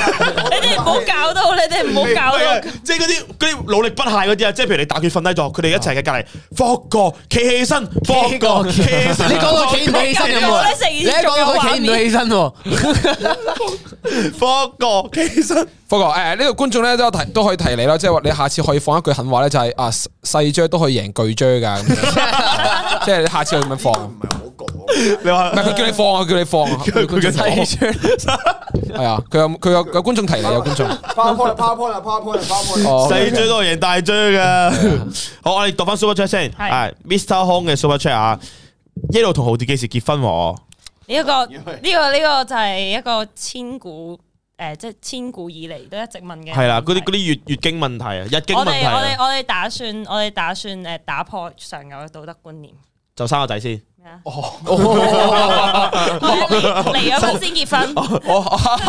S2: 你哋唔好搞到，你哋唔好搞。即係嗰啲，嗰啲努力不懈嗰啲啊！即係譬如你打拳瞓低咗，佢哋一齊喺隔籬。佛哥，企起身。佛哥，企。你講到企起身有冇？你一個都企唔到起身。
S4: 佛哥，企起身。不過誒，呢個觀眾咧都提都可以提你啦，即係你下次可以放一句狠話咧，就係啊細追都可以贏巨追噶即係你下次去點放？唔係好講，你話唔係佢叫你放啊，叫你放啊，佢叫細
S6: 追。
S2: 係啊，佢有佢有有觀眾提你，有觀眾。
S6: 拋拋又拋拋
S2: 又細追都贏大追噶好，我哋讀翻 Super Chat 先。係，Mr. Hong 嘅 Super Chat 啊，Yelo 同豪 Dee 幾時結婚？呢
S3: 個呢個呢個就係一個千古。誒、呃，即係千古以嚟，都一直問嘅係啦，嗰啲
S2: 嗰啲月月經問題啊，日經問題。我哋
S3: 我哋打算我哋打算誒打破常有嘅道德觀念，
S2: 就生個仔先。
S4: 哦，離咗婚先結婚，我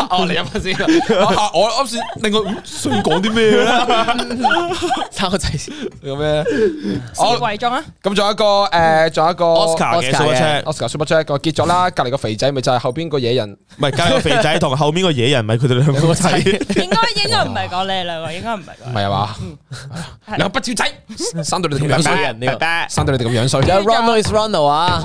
S4: 我離咗婚先，我我啱先，另外需要講啲咩？三個仔先，有咩？我遺種啊，咁仲有一個誒，仲有一個奧斯卡嘅奧斯卡 superje，個結咗啦。隔籬個肥仔咪就係後邊個野人，
S2: 唔係隔籬個肥仔同後面個野人，咪佢哋兩個個仔。應
S3: 該應該唔係講你兩個，應該
S4: 唔係。唔係
S2: 啊嘛，
S1: 兩個不肖仔，生到你哋咁樣衰人，呢個
S4: 生到你哋咁樣衰。
S1: Ronald is Ronald 啊！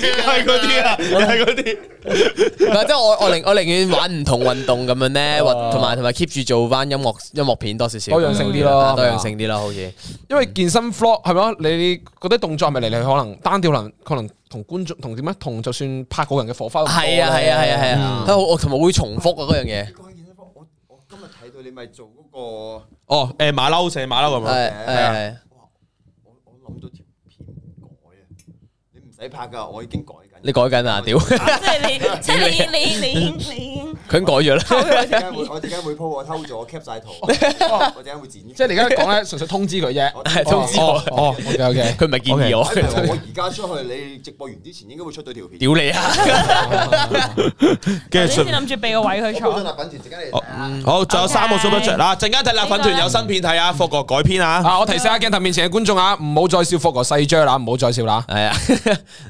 S1: 係嗰啲啊，係嗰啲。唔，即係我我寧我寧願玩唔同運動咁樣咧，同埋同埋 keep 住做翻音樂音樂片多少少，多樣性啲咯，多樣性啲咯，好似。
S4: 因為健身 floor 係咪你覺得動作係咪嚟嚟，可能單調，能可能同觀眾同點樣？同就算拍個人嘅火花，係啊係啊係啊係啊。我同埋會重複啊嗰樣
S2: 嘢。
S6: 健
S2: 身我我今日睇到你咪做嗰個哦，誒馬騮四馬騮係咪？係。我我諗咗
S6: 唔使拍噶，我已經改。
S1: 你改緊啊！屌，即係你，即係你，你，你，佢
S6: 改咗啦！我點解會，我點解會 po 我偷咗，我 cap 曬圖，我點解會剪即係
S4: 你而家講
S1: 咧，純粹通知佢啫，
S6: 通知我。
S1: 哦，OK，佢唔係建議我。我而
S6: 家出去，你直播完之前應該會出到條片。屌你啊！跟
S2: 住順，
S6: 諗住俾個位佢坐。辣
S2: 粉團即刻嚟睇啊！好，仲有三個 superj，嗱，陣間睇辣粉團有新片睇啊！《霍國改編》啊！啊，我提
S4: 醒下鏡頭面前嘅觀眾啊，唔好再笑霍國細張啦，唔好再笑啦。係啊，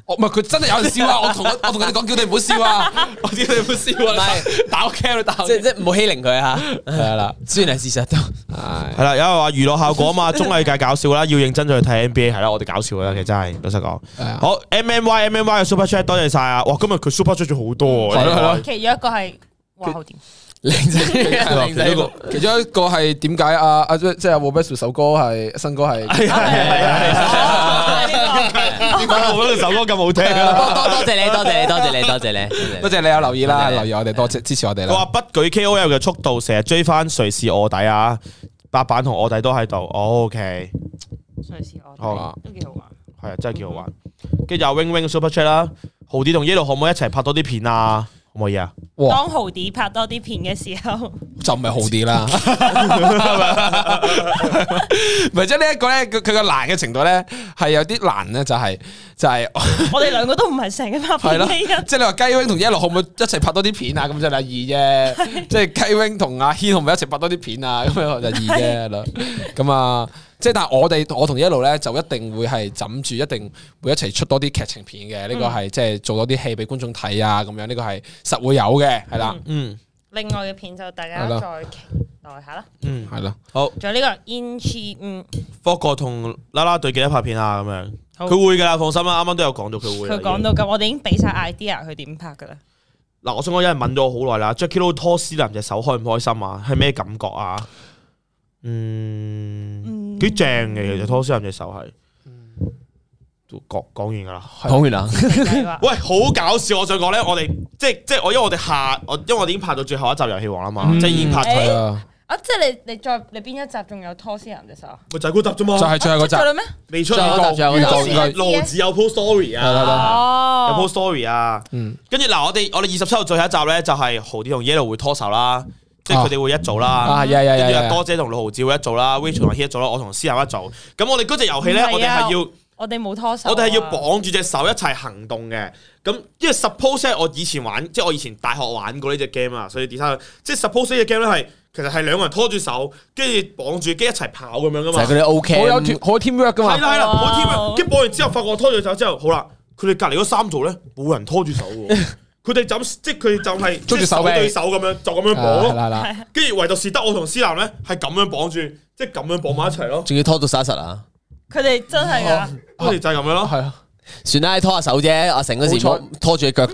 S4: 我唔係佢真係有笑。
S1: 我同我同佢哋講，叫你唔好笑啊！我叫你唔好笑啊！打我打即即係唔好欺凌佢啊！係
S2: 啦，雖然係事實都係係啦，因為話娛樂效果啊嘛，綜藝界搞笑啦，要認真再去睇 NBA 係啦，我哋搞笑啦，其實真係老實講。好 MMY MMY 嘅 Super Chat，多謝晒啊！哇，今日佢 Super 出咗好多，係咯係咯。其
S3: 實有一個係話後點。
S4: 另外一個，其中一個係點解阿阿即係阿 Worbest 首歌係新歌係
S1: 係啊，點解嗰首
S4: 歌咁好聽啊？多多
S1: 謝你，多謝你，多謝你，多謝你，
S4: 多謝
S2: 你有留意啦，留意我哋多支持我哋啦。哇！不舉 KOL 嘅速度成日追翻，誰是卧底啊？八板同卧底都喺度，OK。誰是卧底？都幾好玩。係啊，真係幾好玩。跟住又 wing wing super chat 啦，豪 Dee 同 Yelo 可唔可以一齊拍多啲片啊？可唔可以啊？當
S3: 豪 Dee 拍多啲片嘅時
S2: 候，就唔係豪 Dee 啦。唔係即係呢一
S4: 個咧，佢佢個難嘅程度咧係有啲難咧，就係就係
S3: 我哋兩個都唔係成日拍片嘅。
S4: 即係你話嘉威同 Yelo 可唔可以一齊拍多啲片 對 啊？咁就第二啫。即係嘉威同阿軒可唔可以一齊拍多啲片啊？咁就二啫咁啊。即係但係我哋我同 Yelo 咧就一定會係枕住，一定會一齊出多啲劇情片嘅。呢個係即係做多啲戲俾觀眾睇啊，咁樣呢個係實會有嘅，係啦。嗯，
S3: 另外嘅片就大家再期待下啦。
S2: 嗯、這個，係咯，好，仲有呢個
S3: In She，嗯，
S2: 科國同啦啦對幾多拍片啊？咁樣好，佢會噶啦，放心啦，啱啱都有講到佢會。佢講到
S3: 咁，了我哋已經俾晒 idea 佢點、嗯、拍噶啦。
S2: 嗱，我想講有人問咗我好耐啦，Jacky Lou Torres，隻手開唔開心啊？係咩感覺啊？嗯，幾正嘅，其實拖斯仁隻手係，都講講完噶啦，講完啦。喂，好搞笑！我想講咧，我哋即係即係我，因為我哋下我因為我哋已經拍到最後一集《遊戲王》啦嘛，即係已經拍佢啦。
S3: 啊，即係你你再你邊一集仲有拖斯仁隻手？
S2: 咪就係古塔啫嘛，就係最後嗰集。出咗咩？未出。預告預告，盧只有 post story 啊，有 post story 啊。跟住嗱，我哋我哋二十七號最後一集咧，就係豪 Dee 同 Yelo 會拖手啦。即係佢哋會一組啦，跟住、啊、多姐同六毫子會一組啦，Rachel 同 Hit 一組啦，我同 C 後一組。咁我哋嗰隻遊戲咧，我哋係要
S3: 我哋冇拖手、啊，我哋係要綁
S2: 住隻手一齊行動嘅。咁因為 Suppose 係我以前玩，即係我以前大學玩過呢隻 game 啊，所以 design 即係 Suppose 呢隻 game 咧係其實係兩個人拖住手，跟住綁住機一齊跑咁樣噶嘛。其係嗰啲 OK，我有 team 我有 teamwork 噶嘛。係啦係啦，我 teamwork 跟住綁完之後，發覺拖住手之後，好啦，佢哋隔籬嗰三組咧冇人拖住手。 佢哋就即係佢哋就係捉住對手咁樣，啊樣，就咁是樣綁咯。跟住唯獨是得我同思南咧，係咁樣綁住，即係咁樣綁埋一齊咯。
S1: 仲要拖到實實啊！
S2: 佢
S3: 哋真係啊，
S2: 就係咁樣咯。係啊，
S1: 算啦，你拖下手啫。阿成嗰時拖住隻腳，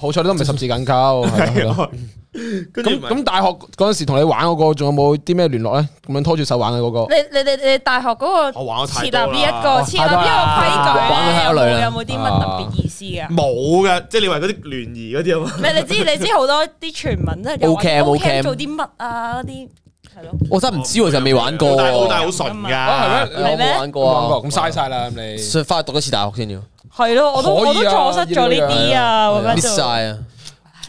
S1: 好彩都唔係十字緊扣。嗯
S4: 咁咁大學嗰陣時同你玩嗰個，仲有冇啲咩聯絡咧？咁樣拖住手玩嘅嗰個，
S3: 你你你你大學嗰個，我玩
S2: 得太耐啦。設立呢一個，設立呢一個規矩咧？有冇有冇啲乜特別意思嘅？冇噶，即係你話嗰啲聯誼嗰啲啊？唔係，你知你知好
S3: 多啲傳聞即係 O K O 做啲乜啊？嗰啲係
S1: 咯，我真係唔知喎，其實未玩過。但大好大好純噶，係咩？玩過玩過咁嘥晒啦你，翻去讀一次大學先要。
S4: 係咯，我都我都錯失咗呢啲啊，晒啊！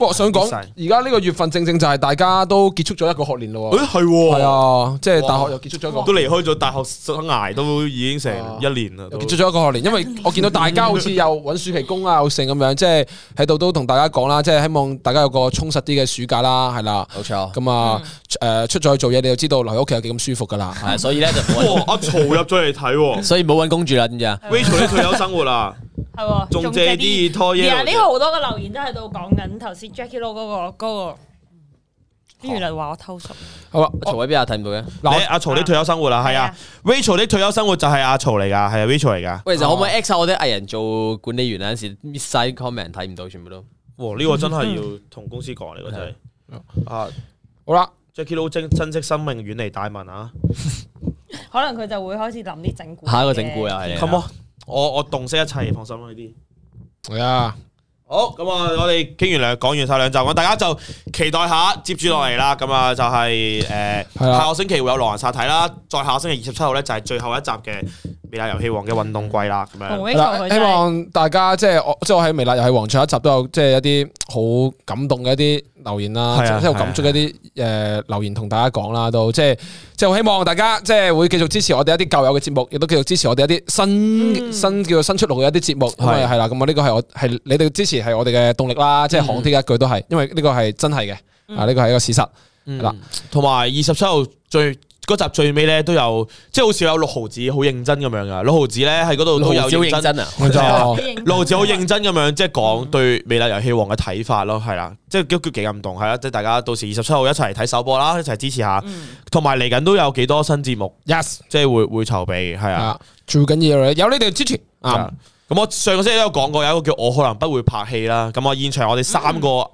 S4: 我想講，而家呢個月份正正就係大家都結束咗一個學年咯喎。誒、欸，係係、哦、啊，即、就、係、是、大學又結束咗一個。都
S2: 離開咗大學生涯都已經成一年啦。啊、結束咗一個學年，因為我見到大家好似又
S4: 揾暑期工啊， 又成咁樣，即係喺度都同大家講啦，即、就、係、是、希望大家有個充實啲嘅暑假啦，係啦。冇錯。咁啊，誒、啊，出咗去做嘢，你就知道留喺屋企有幾咁舒服噶啦。係，
S2: 所以咧就。哇！ 阿曹入咗嚟睇，
S1: 所以冇揾工住啦，點
S2: 解？Rachel 你退休生活啦。 仲借啲拖衣。而家呢個好多嘅留言
S3: 都喺度講緊，頭先 Jacky Lou 嗰個嗰個，邊，原來
S1: 話我偷熟。
S2: 好啊，曹喺邊啊？睇唔到嘅。你阿曹啲退休生活啊，係啊，Rachel 啲退休生活就係阿曹嚟噶，係啊 Rachel 嚟噶喂，其實我可唔
S1: 可以 X 下我啲藝人做管理員啊？有時 miss
S2: comment 睇唔到全部都。呢個真係要同公司講嚟噶真係。啊，好啦，Jacky Lou 珍惜生命，遠離大問。啊，
S3: 可能佢就會開始諗啲
S2: 整蠱。下一個整蠱啊，係 c 我我洞悉一切，放心啦呢啲。係啊。 好，咁啊，我哋傾完兩，講完晒兩集，咁大家就期待下，接下，接住落嚟啦。咁、呃、啊，就係誒，下個星期會有《狼人殺》睇啦。再下個星期二十七號咧，就係最後一集嘅《微辣遊戲王》嘅運動季啦。咁樣，
S4: 希望大家即係、就是、我，即係我喺《微辣遊戲王》最後一集都有，即係一啲好感動嘅一啲留言啦，即係是的 有感觸一啲誒留言同大家講啦。是的 都即係即係，我、就是、希望大家即係、就是、會繼續支持我哋一啲舊友嘅節目，亦都繼續支持我哋一啲新新，新叫做新出爐嘅一啲節目。係係啦，咁啊，呢個係我係你哋支持。係我哋嘅動力啦，即係航天一句都係，因為呢個係真係嘅，啊，呢個係一個事實
S2: 啦。同埋二十七號最嗰集最尾咧，都有即係、就是、好似有六毫子好認真咁樣噶。六毫子咧喺嗰度都有認真，認真啊，吧吧六毫子好認真咁樣，即係講對《未來遊戲王》嘅睇法咯，係啦，即係叫佢幾咁唔同。係啦。即係大家到時二十七號一齊睇首播啦，一齊支持下，同埋嚟緊都有幾多新節目，yes，即係會會籌備，係啊，
S4: 最緊要有你哋支持啊！
S2: 吧咁我上個星期都有講過，有一個叫我可能不會拍戲啦。咁我現場我哋三個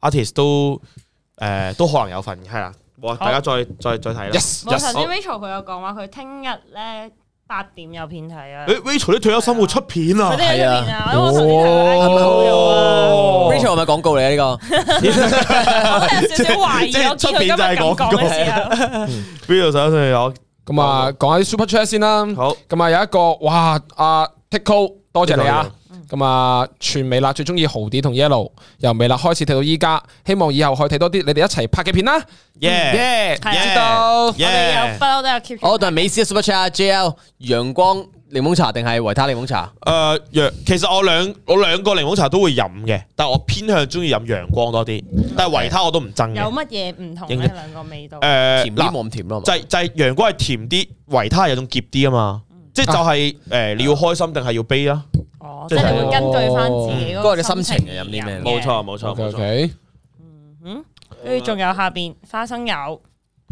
S2: artist 都誒、都可能有份，係啦。我大家再再再睇啦。我頭先 Rachel
S3: 佢有講話，佢聽日咧
S5: 八點有
S2: 片睇啊。Rachel 你退休生活出片啊，係啊。哇！Rachel 係咪廣告嚟啊？呢個即係懷
S5: 疑啊，出片就係廣告。
S4: 邊度首先有？咁啊，講下啲 super chat 先啦。好。咁啊，有一個哇，阿 Tiko 多謝你啊！咁啊、嗯，全微辣最中意豪 Dee 同 Yelo，由微辣開始睇到依家，希望以後可以睇多啲你哋一齊拍嘅片啦！Yeah，係知道，yeah, 我哋有 follow 都有
S1: keep 好，但美斯嘅 support，JL
S2: 陽光檸檬茶定係維他檸檬茶？誒、呃，其實我兩我兩個檸檬茶都會飲嘅，但係我偏向中意飲陽光多啲，嗯、但係維他我都唔憎，有
S3: 乜嘢唔同咧？
S2: 兩個味道？誒、呃，甜啲冇咁甜咯、呃，就係、就係、是、陽光係甜啲，維他係有種澀啲啊嘛。即就係、是、誒、啊欸，你要開心定係要悲啊？哦，即係是、哦、你會根據翻自己嗰個嘅心情嚟飲啲咩？冇錯冇錯冇錯。嗯哼，跟
S3: 住仲有下邊花生油，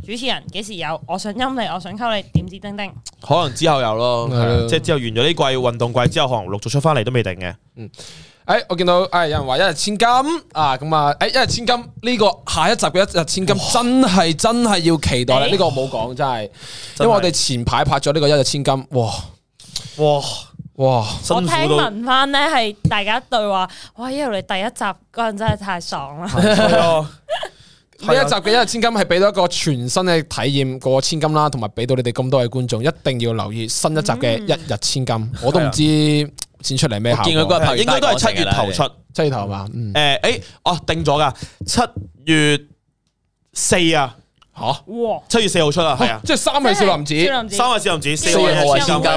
S3: 主持人幾時有？我想陰你，我想溝你，點知釘釘？
S2: 可能之後有咯，即係 的之後完咗呢季運動季之後，可能陸續出翻嚟都未定嘅。嗯。誒，我見
S4: 到誒，有人話一日千金啊，咁、嗯、啊，誒，一日千金呢、呢個下一集嘅一日千金哇 真係真係要期待啦，呢、呢個我冇講，真係， 真的因為我哋前排拍咗呢個一日千金，
S2: 哇哇哇！我聽聞
S3: 翻呢係大家對話，哇，由你第一集嗰陣真係太爽啦
S1: 呢、哦、 一集嘅一日千金
S4: 係俾到一個全新嘅體驗過千金啦，同埋俾到你哋咁多位觀眾，一定要留意新一集嘅一日千金，嗯、我都唔知。 先出嚟咩？我見佢嗰日拍，應該都係七月頭出，七月頭
S2: 嘛？誒誒，哦，定咗㗎，七月四啊，吓，七月四號出啊，係啊，即係三係少林寺。三係少林寺，四號係天階，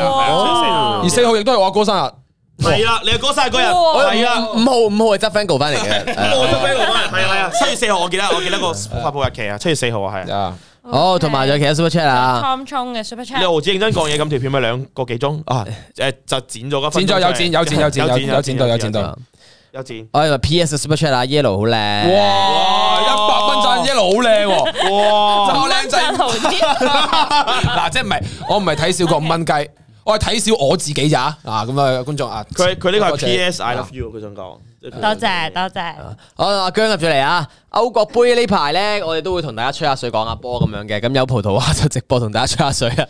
S2: 而四號亦都係我阿哥生日，係啦，你阿哥生日嗰日，係啦，五
S1: 號五號係扎翻告翻嚟嘅，
S2: 扎翻告翻，係啊係啊，七月四號我記得，我記得個發佈日期啊，七月四號啊係。哦，同埋有其他 Super Chat 啊，
S3: 嘅 Super Chat。你毫
S2: 子認真講嘢，咁條片咪兩個幾鐘啊？誒，就剪咗個，剪咗有剪，有剪有剪有剪有剪到有剪到，有剪。
S1: 我以為 PS 嘅 Super Chat 啊，Yelo 好靚。
S4: 哇！一百蚊讚 Yelo 好靚喎。哇！咁
S2: 靚仔。嗱，即係唔係？
S1: 我唔係睇少過五蚊雞，我係睇少我自己咋啊？咁啊，觀眾啊，
S4: 佢佢呢個係 PS I
S2: love you，佢想講。
S1: 多謝多謝，好，阿姜入咗嚟啊！歐國杯呢排咧，我哋都會同大家吹
S2: 下水，講下波咁樣嘅。咁有葡萄牙
S1: 就直播，同大家吹下水
S2: 啊。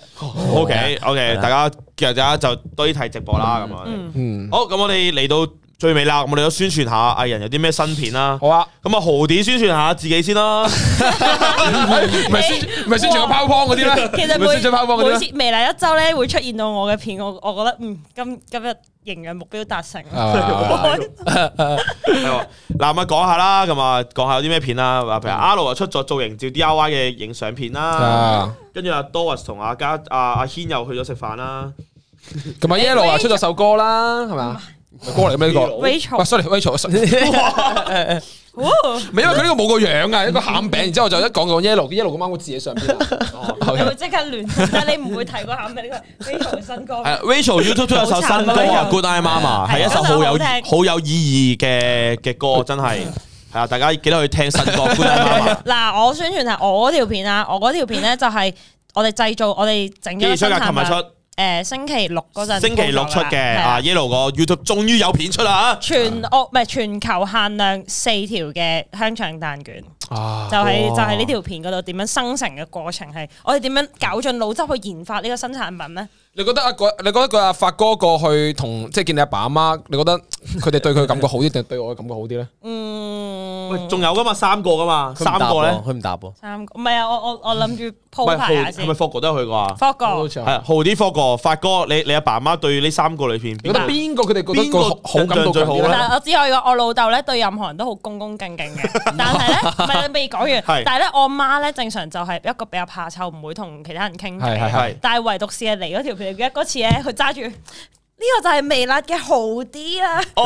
S2: OK OK，大家今日大家就多啲睇直播啦。咁樣，嗯，好，咁我哋嚟到最尾啦。咁我哋都宣傳下藝人有啲咩新片啦。好啊，咁啊豪點宣傳下自己先啦？唔係宣唔係宣傳個泡泡嗰啲咧？其實每每
S3: 未來一周咧，會出現到我嘅片。我我覺得嗯，今今日。營養目標達成。係
S2: 話，嗱，我講下啦，咁啊，講下有啲咩片啦，譬如阿露啊出咗造型照 D I Y 嘅影相片啦，跟住阿 Doris 同阿家阿阿軒又去咗食飯啦，
S4: 咁啊 Yelo 啊出咗首歌啦，係咪？歌嚟咩呢個？Rachel，sorry，Rachel 唔係因為佢呢個冇個樣啊，一個餡餅，然之後就一講講 Yelo，Yelo 咁啱個字喺上邊，佢
S3: 即刻亂，但
S2: 係你唔會提個餡餅呢個 Rachel 新歌。係 Rachel YouTube 出一首新歌《啊。Good I Mama》，係一首好有好有意義嘅嘅歌，真係係啊！大家記得去聽新歌《Good I Mama》。
S3: 嗱，我宣傳係我嗰條片啊，我嗰條片咧就係我哋製造，我哋整咗。你衰琴日出。誒、呃，星期六嗰陣，星期六出嘅啊，Yelo
S2: 個的、啊、YouTube 終於有片出啦！
S3: 全澳唔係全球限量四條嘅香腸蛋卷，
S2: 就係就係
S3: 呢條片嗰度點樣生成嘅過程係，我哋點樣搞盡腦汁去研發呢個新產品咧？
S4: 你覺得阿改你覺得個阿發哥過去同即係見你阿爸阿媽，你覺得佢哋對佢感覺好啲定
S2: 對我嘅感覺好啲咧？ 嗯。仲有噶嘛？三個噶嘛？三個咧，佢唔答噃。三
S3: 個，唔係啊！我我我諗住鋪排嘅。係咪
S2: Focus 都有去過啊？Focus，係啊哥，豪 Dee Focus，發哥，你你阿爸阿媽對呢三個裏邊邊個佢哋邊個好感度最好咧？好但
S3: 我只可以講，我老豆咧對任何人都好恭恭敬敬嘅， 但係咧，唔係你未
S2: 講完。 但
S3: 係咧，我阿媽咧正常就係一個比較怕醜，唔會同其他人傾。係 但係唯獨是嚟嗰條片嘅嗰、那個、次咧，佢揸住。呢個就係微辣嘅豪 Dee 啦，多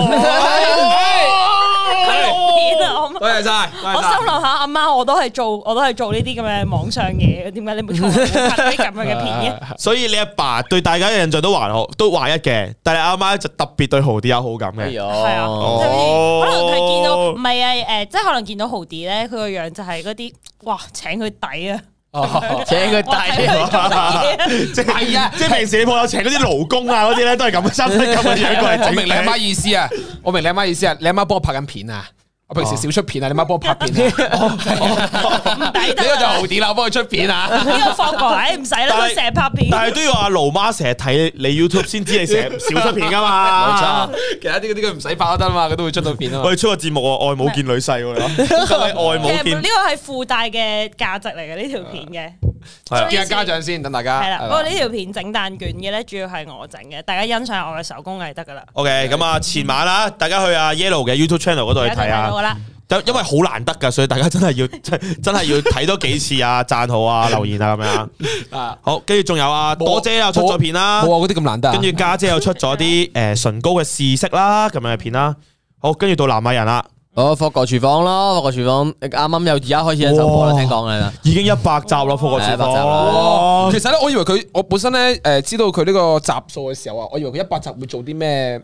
S3: 謝晒，我心諗下阿媽，我都係做，我都係做呢啲咁嘅網上嘢，點解你冇拍，啲咁樣嘅片？嘅？
S2: 所以你阿爸，爸對大家嘅印象都還好，都懷一嘅，但係阿媽就特別對豪 Dee 有好感嘅。係啊，可
S3: 能佢見到唔係啊，誒，即係可能見到豪 Dee 咧，佢個樣就係嗰啲，哇，請
S4: 佢抵啊！
S2: 哦，oh, 請佢低，即係即係平時你有請嗰啲勞工啊，嗰啲咧都係咁嘅方式咁樣過嚟整。 你阿媽意思
S4: 啊？我明你阿媽意思啊？你阿媽幫我拍緊片啊？平時少出片，片啊，你媽幫我拍片唔
S2: 抵得。呢個就豪 Dee 啊，幫佢出片啊。呢個放過，哎， 唔使
S4: 啦，佢成日拍
S2: 片。但係都要阿盧媽成日睇你 YouTube 先知你成日少出片噶嘛。冇
S4: 錯、 這個，其他啲啲佢唔使拍得啦嘛，佢都會出到
S2: 片啊。 我哋出個節目啊，外母見女婿喎，咁都係外母見。
S3: 呢個係附帶嘅價值嚟嘅呢條片嘅。見下家長
S2: 先，等大家。係啦，不過呢
S3: 條片整蛋卷嘅咧，主要係我整嘅，大家欣賞我嘅手工藝得噶啦。
S2: OK，咁啊，前晚啦，大家去啊 Yelo 嘅 YouTube Channel 度去睇下，睇到啦。因因為好難得噶，所以大家真係要真係要睇多幾次啊，讚好啊，留言啊，咁樣啊。好，跟住仲有啊，我姐又出咗片啦，冇啊，嗰啲咁難得。跟住家姐又出咗啲誒唇膏嘅試色啦，咁樣嘅片啦。好，跟住到南亞人啦。我《豪哥廚房》咯，哇《豪哥廚房》啱啱又而家開始一集破啦，聽講嘅已經一百集咯，《豪哥廚房》。
S4: 其實咧，我以為佢我本身咧誒，知道佢呢個集數嘅時候啊，我以為佢一百集會做啲咩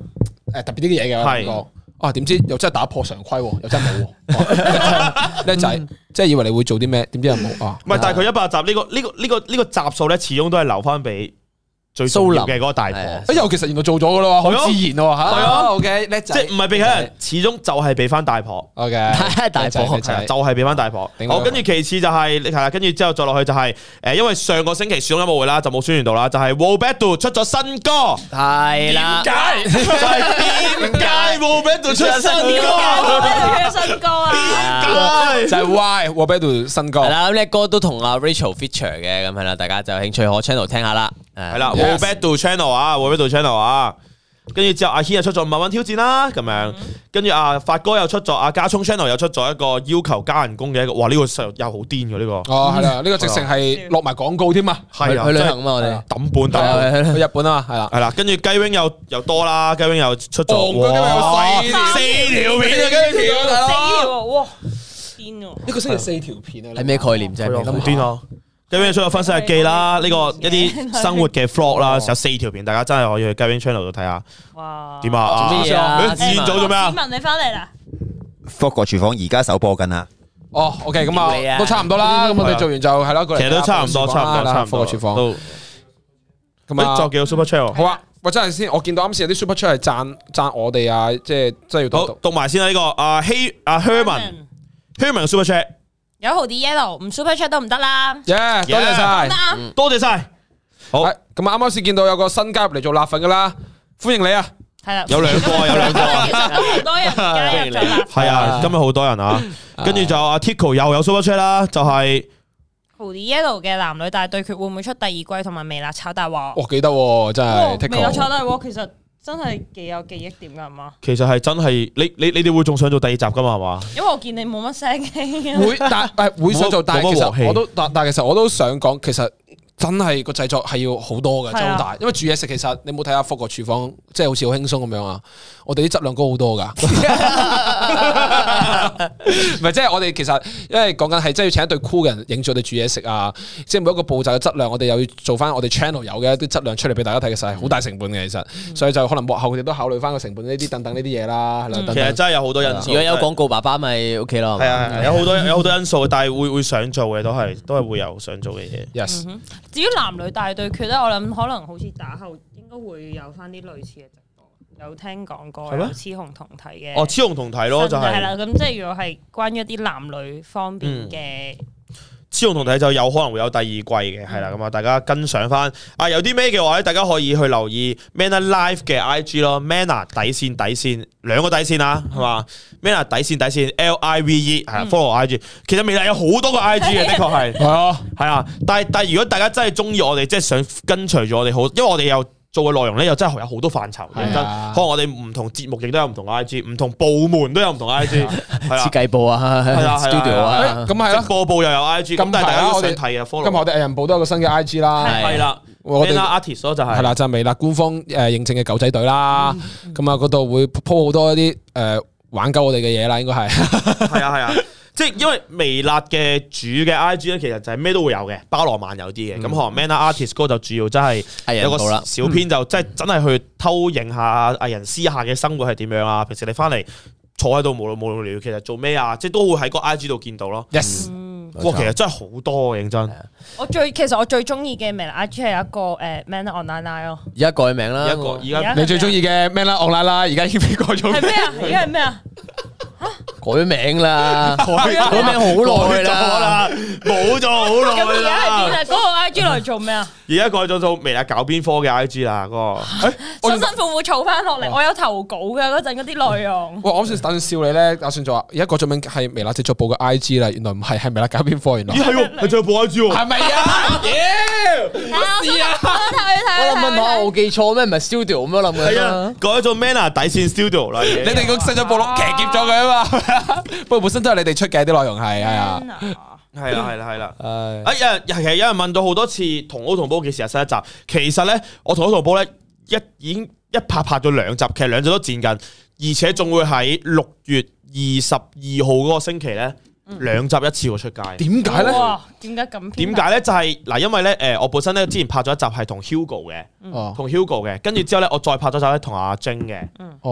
S4: 誒特別啲嘅嘢嘅。係是啊，點知又
S2: 真係打破常規，又
S4: 真係冇。叻、啊、仔，即係 以為你會做啲咩？點知又冇啊？
S2: 唔係，但係佢一百集呢、這個呢、這個呢、這個呢、這個這個集數咧，始終都係留翻俾。最蘇林嘅嗰個大婆，
S4: 哎呀，其實原來做
S2: 咗嘅啦，好自然喎係咯，OK，叻仔，即唔係俾佢，始終就係俾翻大婆，OK，大婆係啊，就係俾翻大婆。好，跟住其次就係，係啦，跟住之後再落去就係，誒，因為上個星期始終都冇會啦，就冇宣傳到啦，就係 Wallbaddo 出咗新歌，係啦，點解？係點解 Wallbaddo 出新歌？新歌啊？點解？就係
S1: Y Wallbaddo 新歌，係啦，呢個歌都同阿 Rachel feature 嘅，咁係啦，大家就興趣可 channel 聽下啦，係啦。
S2: back to channel 啊 back to channel 啊，跟住之後阿軒又出咗《慢慢挑戰》啦，咁樣，跟住阿發哥又出咗，阿加聰 channel 又出咗一個要求加人工嘅一個，哇，呢個又又好癲嘅呢個，哦係啦，呢個直情係
S4: 落埋廣告添啊。係去旅行嘛，
S2: 我哋抌半抌去日本啊，係啦，係啦，跟住雞 wing 又又多啦，雞 wing 又出咗，四條片啊，
S3: 跟住條，哇，
S4: 癲啊，呢個星期
S2: 四條片啊，係咩概念啫，咁癲啊？街邊出有分析日記啦，呢個一啲生活嘅 vlog 啦，有四條片，大家真係可以去街邊 channel 度睇下。哇！點啊？做咩啊？見咗做咩啊？你
S4: 翻嚟啦！
S6: 《法國廚房》而家首播緊啦。
S4: 哦，OK，咁啊，都差唔多啦。咁我哋做完就係咯。其實都差唔多，差唔多，差唔多。《法國廚房》
S2: 咁
S6: 咪再
S4: 有幾
S2: 個 Super Chat，好啊。
S4: 喂，真係先，我見到啱先有啲 Super Chat 係讚讚我哋啊，即係真係要讀讀埋先
S2: 啦。呢個啊希啊 Herman，Herman Super Chat。
S3: 有豪 Dee Yelo 唔 super chat 都唔得啦
S2: yeah 多謝晒，多謝晒。好，咁啱啱先見到有個新
S4: 加入嚟做辣粉噶啦，歡迎你啊，係啦，有兩個，有兩個，其實都好多人
S5: 嘅，係啊，今日
S2: 好多人啊，跟住就阿 Tico 又有 super chat 啦，就係
S3: 豪 Dee Yelo 嘅男女大對決會唔會出第二季同埋微辣炒大鑊？我
S2: 記得真係，未有炒大
S3: 鑊其實。真係幾有記憶點㗎，係嘛？
S2: 其實係真係，你你你哋會仲想做第二集㗎嘛？係嘛？
S3: 因為我見你冇乜聲氣會，會
S2: 但但會想做，但其實
S4: 我都但但其實我都想講，其實。真係個製作係要好多嘅，真係、啊，就是，好大、 就是。因為煮嘢食，其實你冇睇下《法國廚房》，即係好似好輕鬆咁樣啊！我哋啲質量高好多噶，唔係即係我哋其實因為講緊係真係要請一隊 crew 嘅人影住，我哋煮嘢食啊，即係每一個步驟嘅質量，我哋又要做翻我哋 channel 有嘅一啲質量出嚟俾大家睇嘅，晒好大成本嘅其實，嗯、所以就可能幕後亦都考慮翻個成本呢啲等等呢啲嘢啦。嗯、了其實真係有好多因素，了如果有廣
S1: 告爸爸咪
S2: O K 咯。有好多有好多因素，但係會會想做嘅都係都係會有想做嘅嘢。Yes、嗯。
S3: 至於男女大對決咧，我諗可能好似打後應該會有翻啲類似嘅直播。有聽講過，係咯，有雌雄同體嘅。哦，雌雄同體咯，就係。係啦，咁即係如果係關於一啲男女方面嘅。嗯。
S2: 雌雄同體就有可能會有第二季嘅，係啦，咁啊，大家跟上翻啊，有啲咩嘅話咧，大家可以去留意 Manner Live 嘅 I G 咯，Manner 底線底線兩個底線啊，係嘛，Manner 底線底線 L I V E 係 follow I G，其實未來有好多個 I G 嘅，的確係係啊，係啊， 但係但係如果大家真係中意我哋，即係想跟隨住我哋好，因為我哋又。做嘅內容咧又真係有好多範疇，認真。可能我哋唔同節目亦都有唔同 I G，唔同部門都有唔同 I G，設
S1: 計部啊，
S4: 係啊係啊，studio 啊，
S2: 咁係啦，播部又有 I G，咁但係大家想睇嘅 follow。今日我哋藝人部都有個新嘅 I G 啦，係啦，我哋 artist 就係係啦，
S4: 就係微辣官方誒，認證嘅狗仔隊啦。咁啊，嗰度會 po 好多一啲誒玩
S2: 鳩我哋嘅嘢啦，應該係係啊係啊。即係因為微辣嘅主嘅 I G 咧，其實就係咩都會有嘅，包羅萬有啲嘅。咁可能 Man Artist 哥就主要真係有個小編，就即係真係去偷影下藝人私下嘅生活係點樣啊！平時你翻嚟坐喺度無無聊，其實做咩啊？即係都會喺個 I G 度見到咯。Yes，哇，其實真係好多認真。
S3: 我最其實我最中意嘅微辣 I G 係一個誒 Man Online 咯。而
S2: 家
S1: 改名啦，而家而家你最中意嘅 Man Online 而家已經改咗。
S3: 係咩啊？而家係咩啊？
S2: 改名啦，改名
S1: 好耐啦，
S2: 冇咗好耐啦。嗰
S3: 個 I G 嚟做咩啊？
S2: 而家改咗做微辣搞邊科嘅 I G 啦，嗰
S3: 個。我辛辛苦苦儲翻落嚟，我有投稿嘅嗰陣嗰啲內容。
S2: 我啱先打算
S4: 笑你咧，打算做。而家改咗名係微辣，繼續報個 I G 啦。原來唔係，係微辣搞邊科。原來。咦係喎，繼續
S2: 報 I G 喎。係咪啊？係啊。
S5: 我頭一睇，我諗問下
S2: 我記錯咩？唔係 studio 咁樣諗嘅。係啊，改咗 Manner，底線 studio 啦。你哋個新嘅部落騎劫咗。啊嘛，不過本
S4: 身都係你哋出嘅啲內容。
S2: 係係啊，係啦係啦係啦，唉，有人、 哎、其實有人問到好多次《同屋同煲》嘅事。新一集，其實咧我《同屋同煲》咧一已經一拍拍咗兩集，其實兩集都剪緊，而且仲會喺六月二十二號嗰個星期咧。兩集一次我出街，點解咧？哇、
S3: 哦！點解咁？點解咧？
S2: 就係、是、嗱，因為咧，誒，我本身咧之前拍咗一集係同 Hugo 嘅，同 Hugo 嘅，跟住之後咧，我再拍咗集咧同阿晶嘅，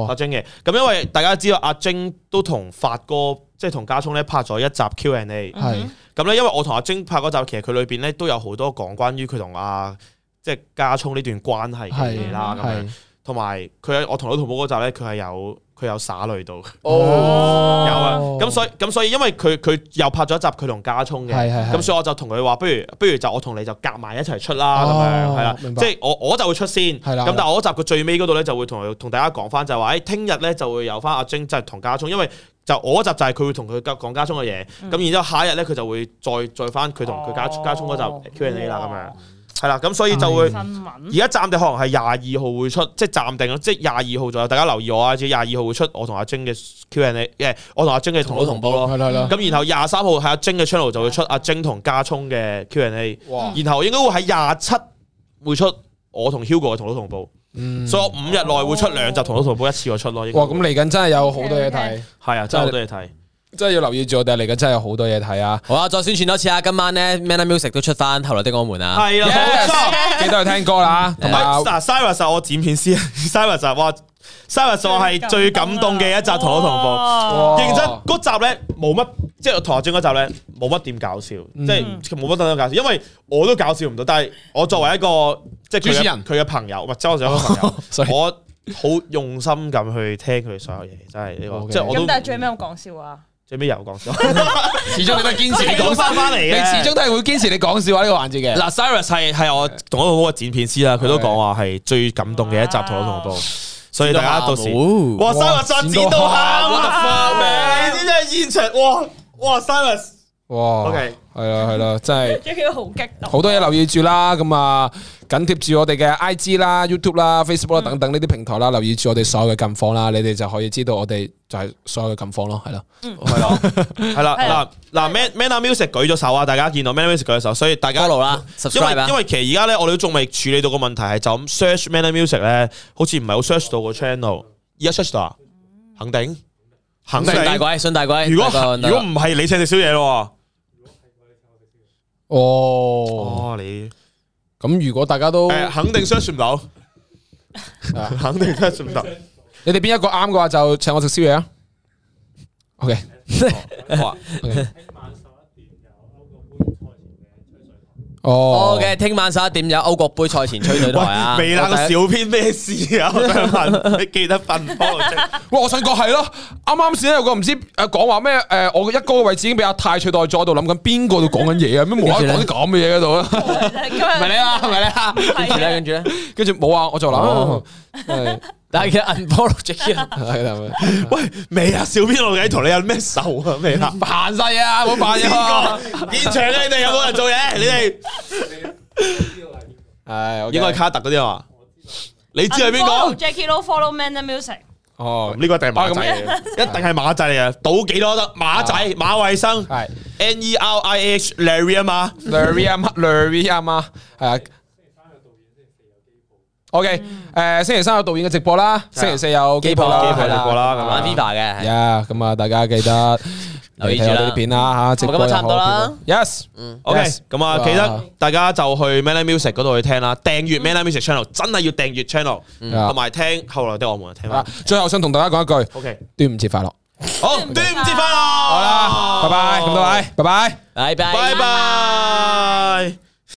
S2: 阿晶嘅。咁因為大家知道阿晶都同發哥，即係同家聰咧拍咗一集 Q&A，係咁咧。因為我同阿晶拍嗰集，其實佢裏邊咧都有好多講關於佢同阿即係家聰呢段關係嘅嘢啦，咁樣是。同埋佢係我同老同寶嗰集咧，佢係有。佢有灑淚到，哦，有啊了，咁、哦、所以咁所以因為佢佢又拍咗一集佢同家聰嘅，咁所以我就同佢話，不如不如就我同你就夾埋一齊出啦，咁樣係啦，即係我我就會先出先，咁的但係我嗰集佢最尾嗰度咧就會同同大家講翻就係話，誒，聽日咧就會有翻阿晶就係同家聰，因為就我嗰集就係佢會同佢講家聰嘅嘢，咁、嗯、然之後下一日咧佢就會再再翻佢同佢家家聰嗰集 Q&A 啦咁樣。係啦，咁所以就會而家暫定可能係廿二號會出，即係暫定咯，即係廿二號左右，大家留意我啊，即係廿二號會出我同阿晶嘅 Q&A 嘅，我同阿晶嘅同樓同步咯。係咁步然後廿三號係阿晶嘅 channel 就會出阿晶同加聰嘅 Q&A。A, 哇然後應該會喺廿七會出我同 Hugo 嘅同樓同步。嗯。所以我五日內會出兩集同樓同步，一次過出咯。出哇！咁嚟緊真係有好多嘢睇。係啊，真係好多嘢睇。就是
S1: 真係要留意住我哋嚟緊，真係有好多嘢睇啊！好啊，再宣傳多次啊！今晚咧，Manner Music 都出翻《後來的我們》啊，係
S2: 啦，冇錯，記得去聽歌啦。同埋 Sara 實我剪片師，Sara 實哇，Sara 實係最感動嘅一集同我同步。認真嗰集咧，冇乜，即係我同學轉嗰集咧，冇乜點搞笑，即係冇乜點搞笑，因為我都搞笑唔到。但係我作為一個即係主持人，佢嘅朋友，唔係我同學嘅朋友，我好用心咁去聽佢所有嘢，真係呢個，咁但係
S3: 最咩有冇講笑啊？最尾又講咗，始終你都堅持你講翻翻嚟，你始終都係會
S2: 堅持你講笑話呢個環節嘅。嗱，Cyrus 係係我同一個剪片師啦，佢都講話係最感動嘅一集同我同步，所以大家到時哇，三日十剪都喊啊！你知啲真係現場，哇哇 Cyrus，哇 OK。係啊，係啦，真係好激動好多
S4: 嘢留意住啦，咁啊，緊貼住我哋嘅 I G 啦、YouTube 啦、Facebook 啦等等呢啲平台啦，留意住我哋所有嘅近況啦，你哋就可以知道我哋就係所有嘅近
S2: 況咯，係咯，係咯，係啦，嗱嗱，Man Music 舉咗手啊，大家見到 Man Music 舉咗手，所以大家 follow 啦，subscribe 啦，因為因為其實而家咧，我哋都仲未處理到個問題係就咁 search Man Music 咧，好似唔係好 search 到個 channel，而家 search 到啊，肯定肯定大鬼信大鬼，如果如果唔係你請食宵夜咯。
S4: 哦，哦，你咁如果大家都肯定
S2: 相信唔到，肯定相信唔到，
S4: 你哋邊一個啱嘅話就請我食宵夜啊
S2: ，OK。 okay. 哦，好嘅，
S1: 聽晚十一點有歐國杯賽前吹水台啊！未冷小編
S4: 咩事啊？我想問，
S1: 你記得瞓波？哇、 哦，我想講係咯，啱啱先有
S4: 個唔知誒講、呃、話咩誒、呃，我一哥嘅位置已經俾阿泰翠代咗喺度諗緊邊個度講緊嘢啊？咩無啦啦講啲咁嘅嘢喺度啊？
S5: 唔
S1: 係 你啊？
S4: 係咪？你啊？跟住咧，跟住冇啊！我就諗。Oh.
S5: 嗯
S2: 但係佢 unfollow Jackie，喂未啊？小編老鬼同你有咩仇啊？未啊？扮曬嘢啊！冇扮嘢。現場你哋有冇人做嘢？你哋，知道係。係，應該係卡特嗰啲啊嘛。你知係邊個
S3: ？Jackie 咯，follow man the
S2: music。哦，呢個一定馬仔，一定係馬仔啊！賭幾多得？馬仔，馬衞生係。N E R I H Larry 啊嘛，Larry 啊嘛，Larry 啊嘛，係啊。O K，誒，
S4: 星期三有導演嘅直播啦，星期四有 Gameplay 直播啦，玩 Viva 嘅，係啊，咁啊，大家記得嚟睇下呢啲片啦吓，直播都係好，yes，嗯，O K，咁啊，記得
S2: 大家就去 Manner Music 嗰度去聽啦，訂閱 Manner Music Channel，真係要訂閱 channel，同埋聽後來的我們聽啦，最後想同大家講一句，O K，端午節快樂，好，端午節快樂，好啦，拜拜，咁多位，拜拜，拜拜，拜
S5: 拜。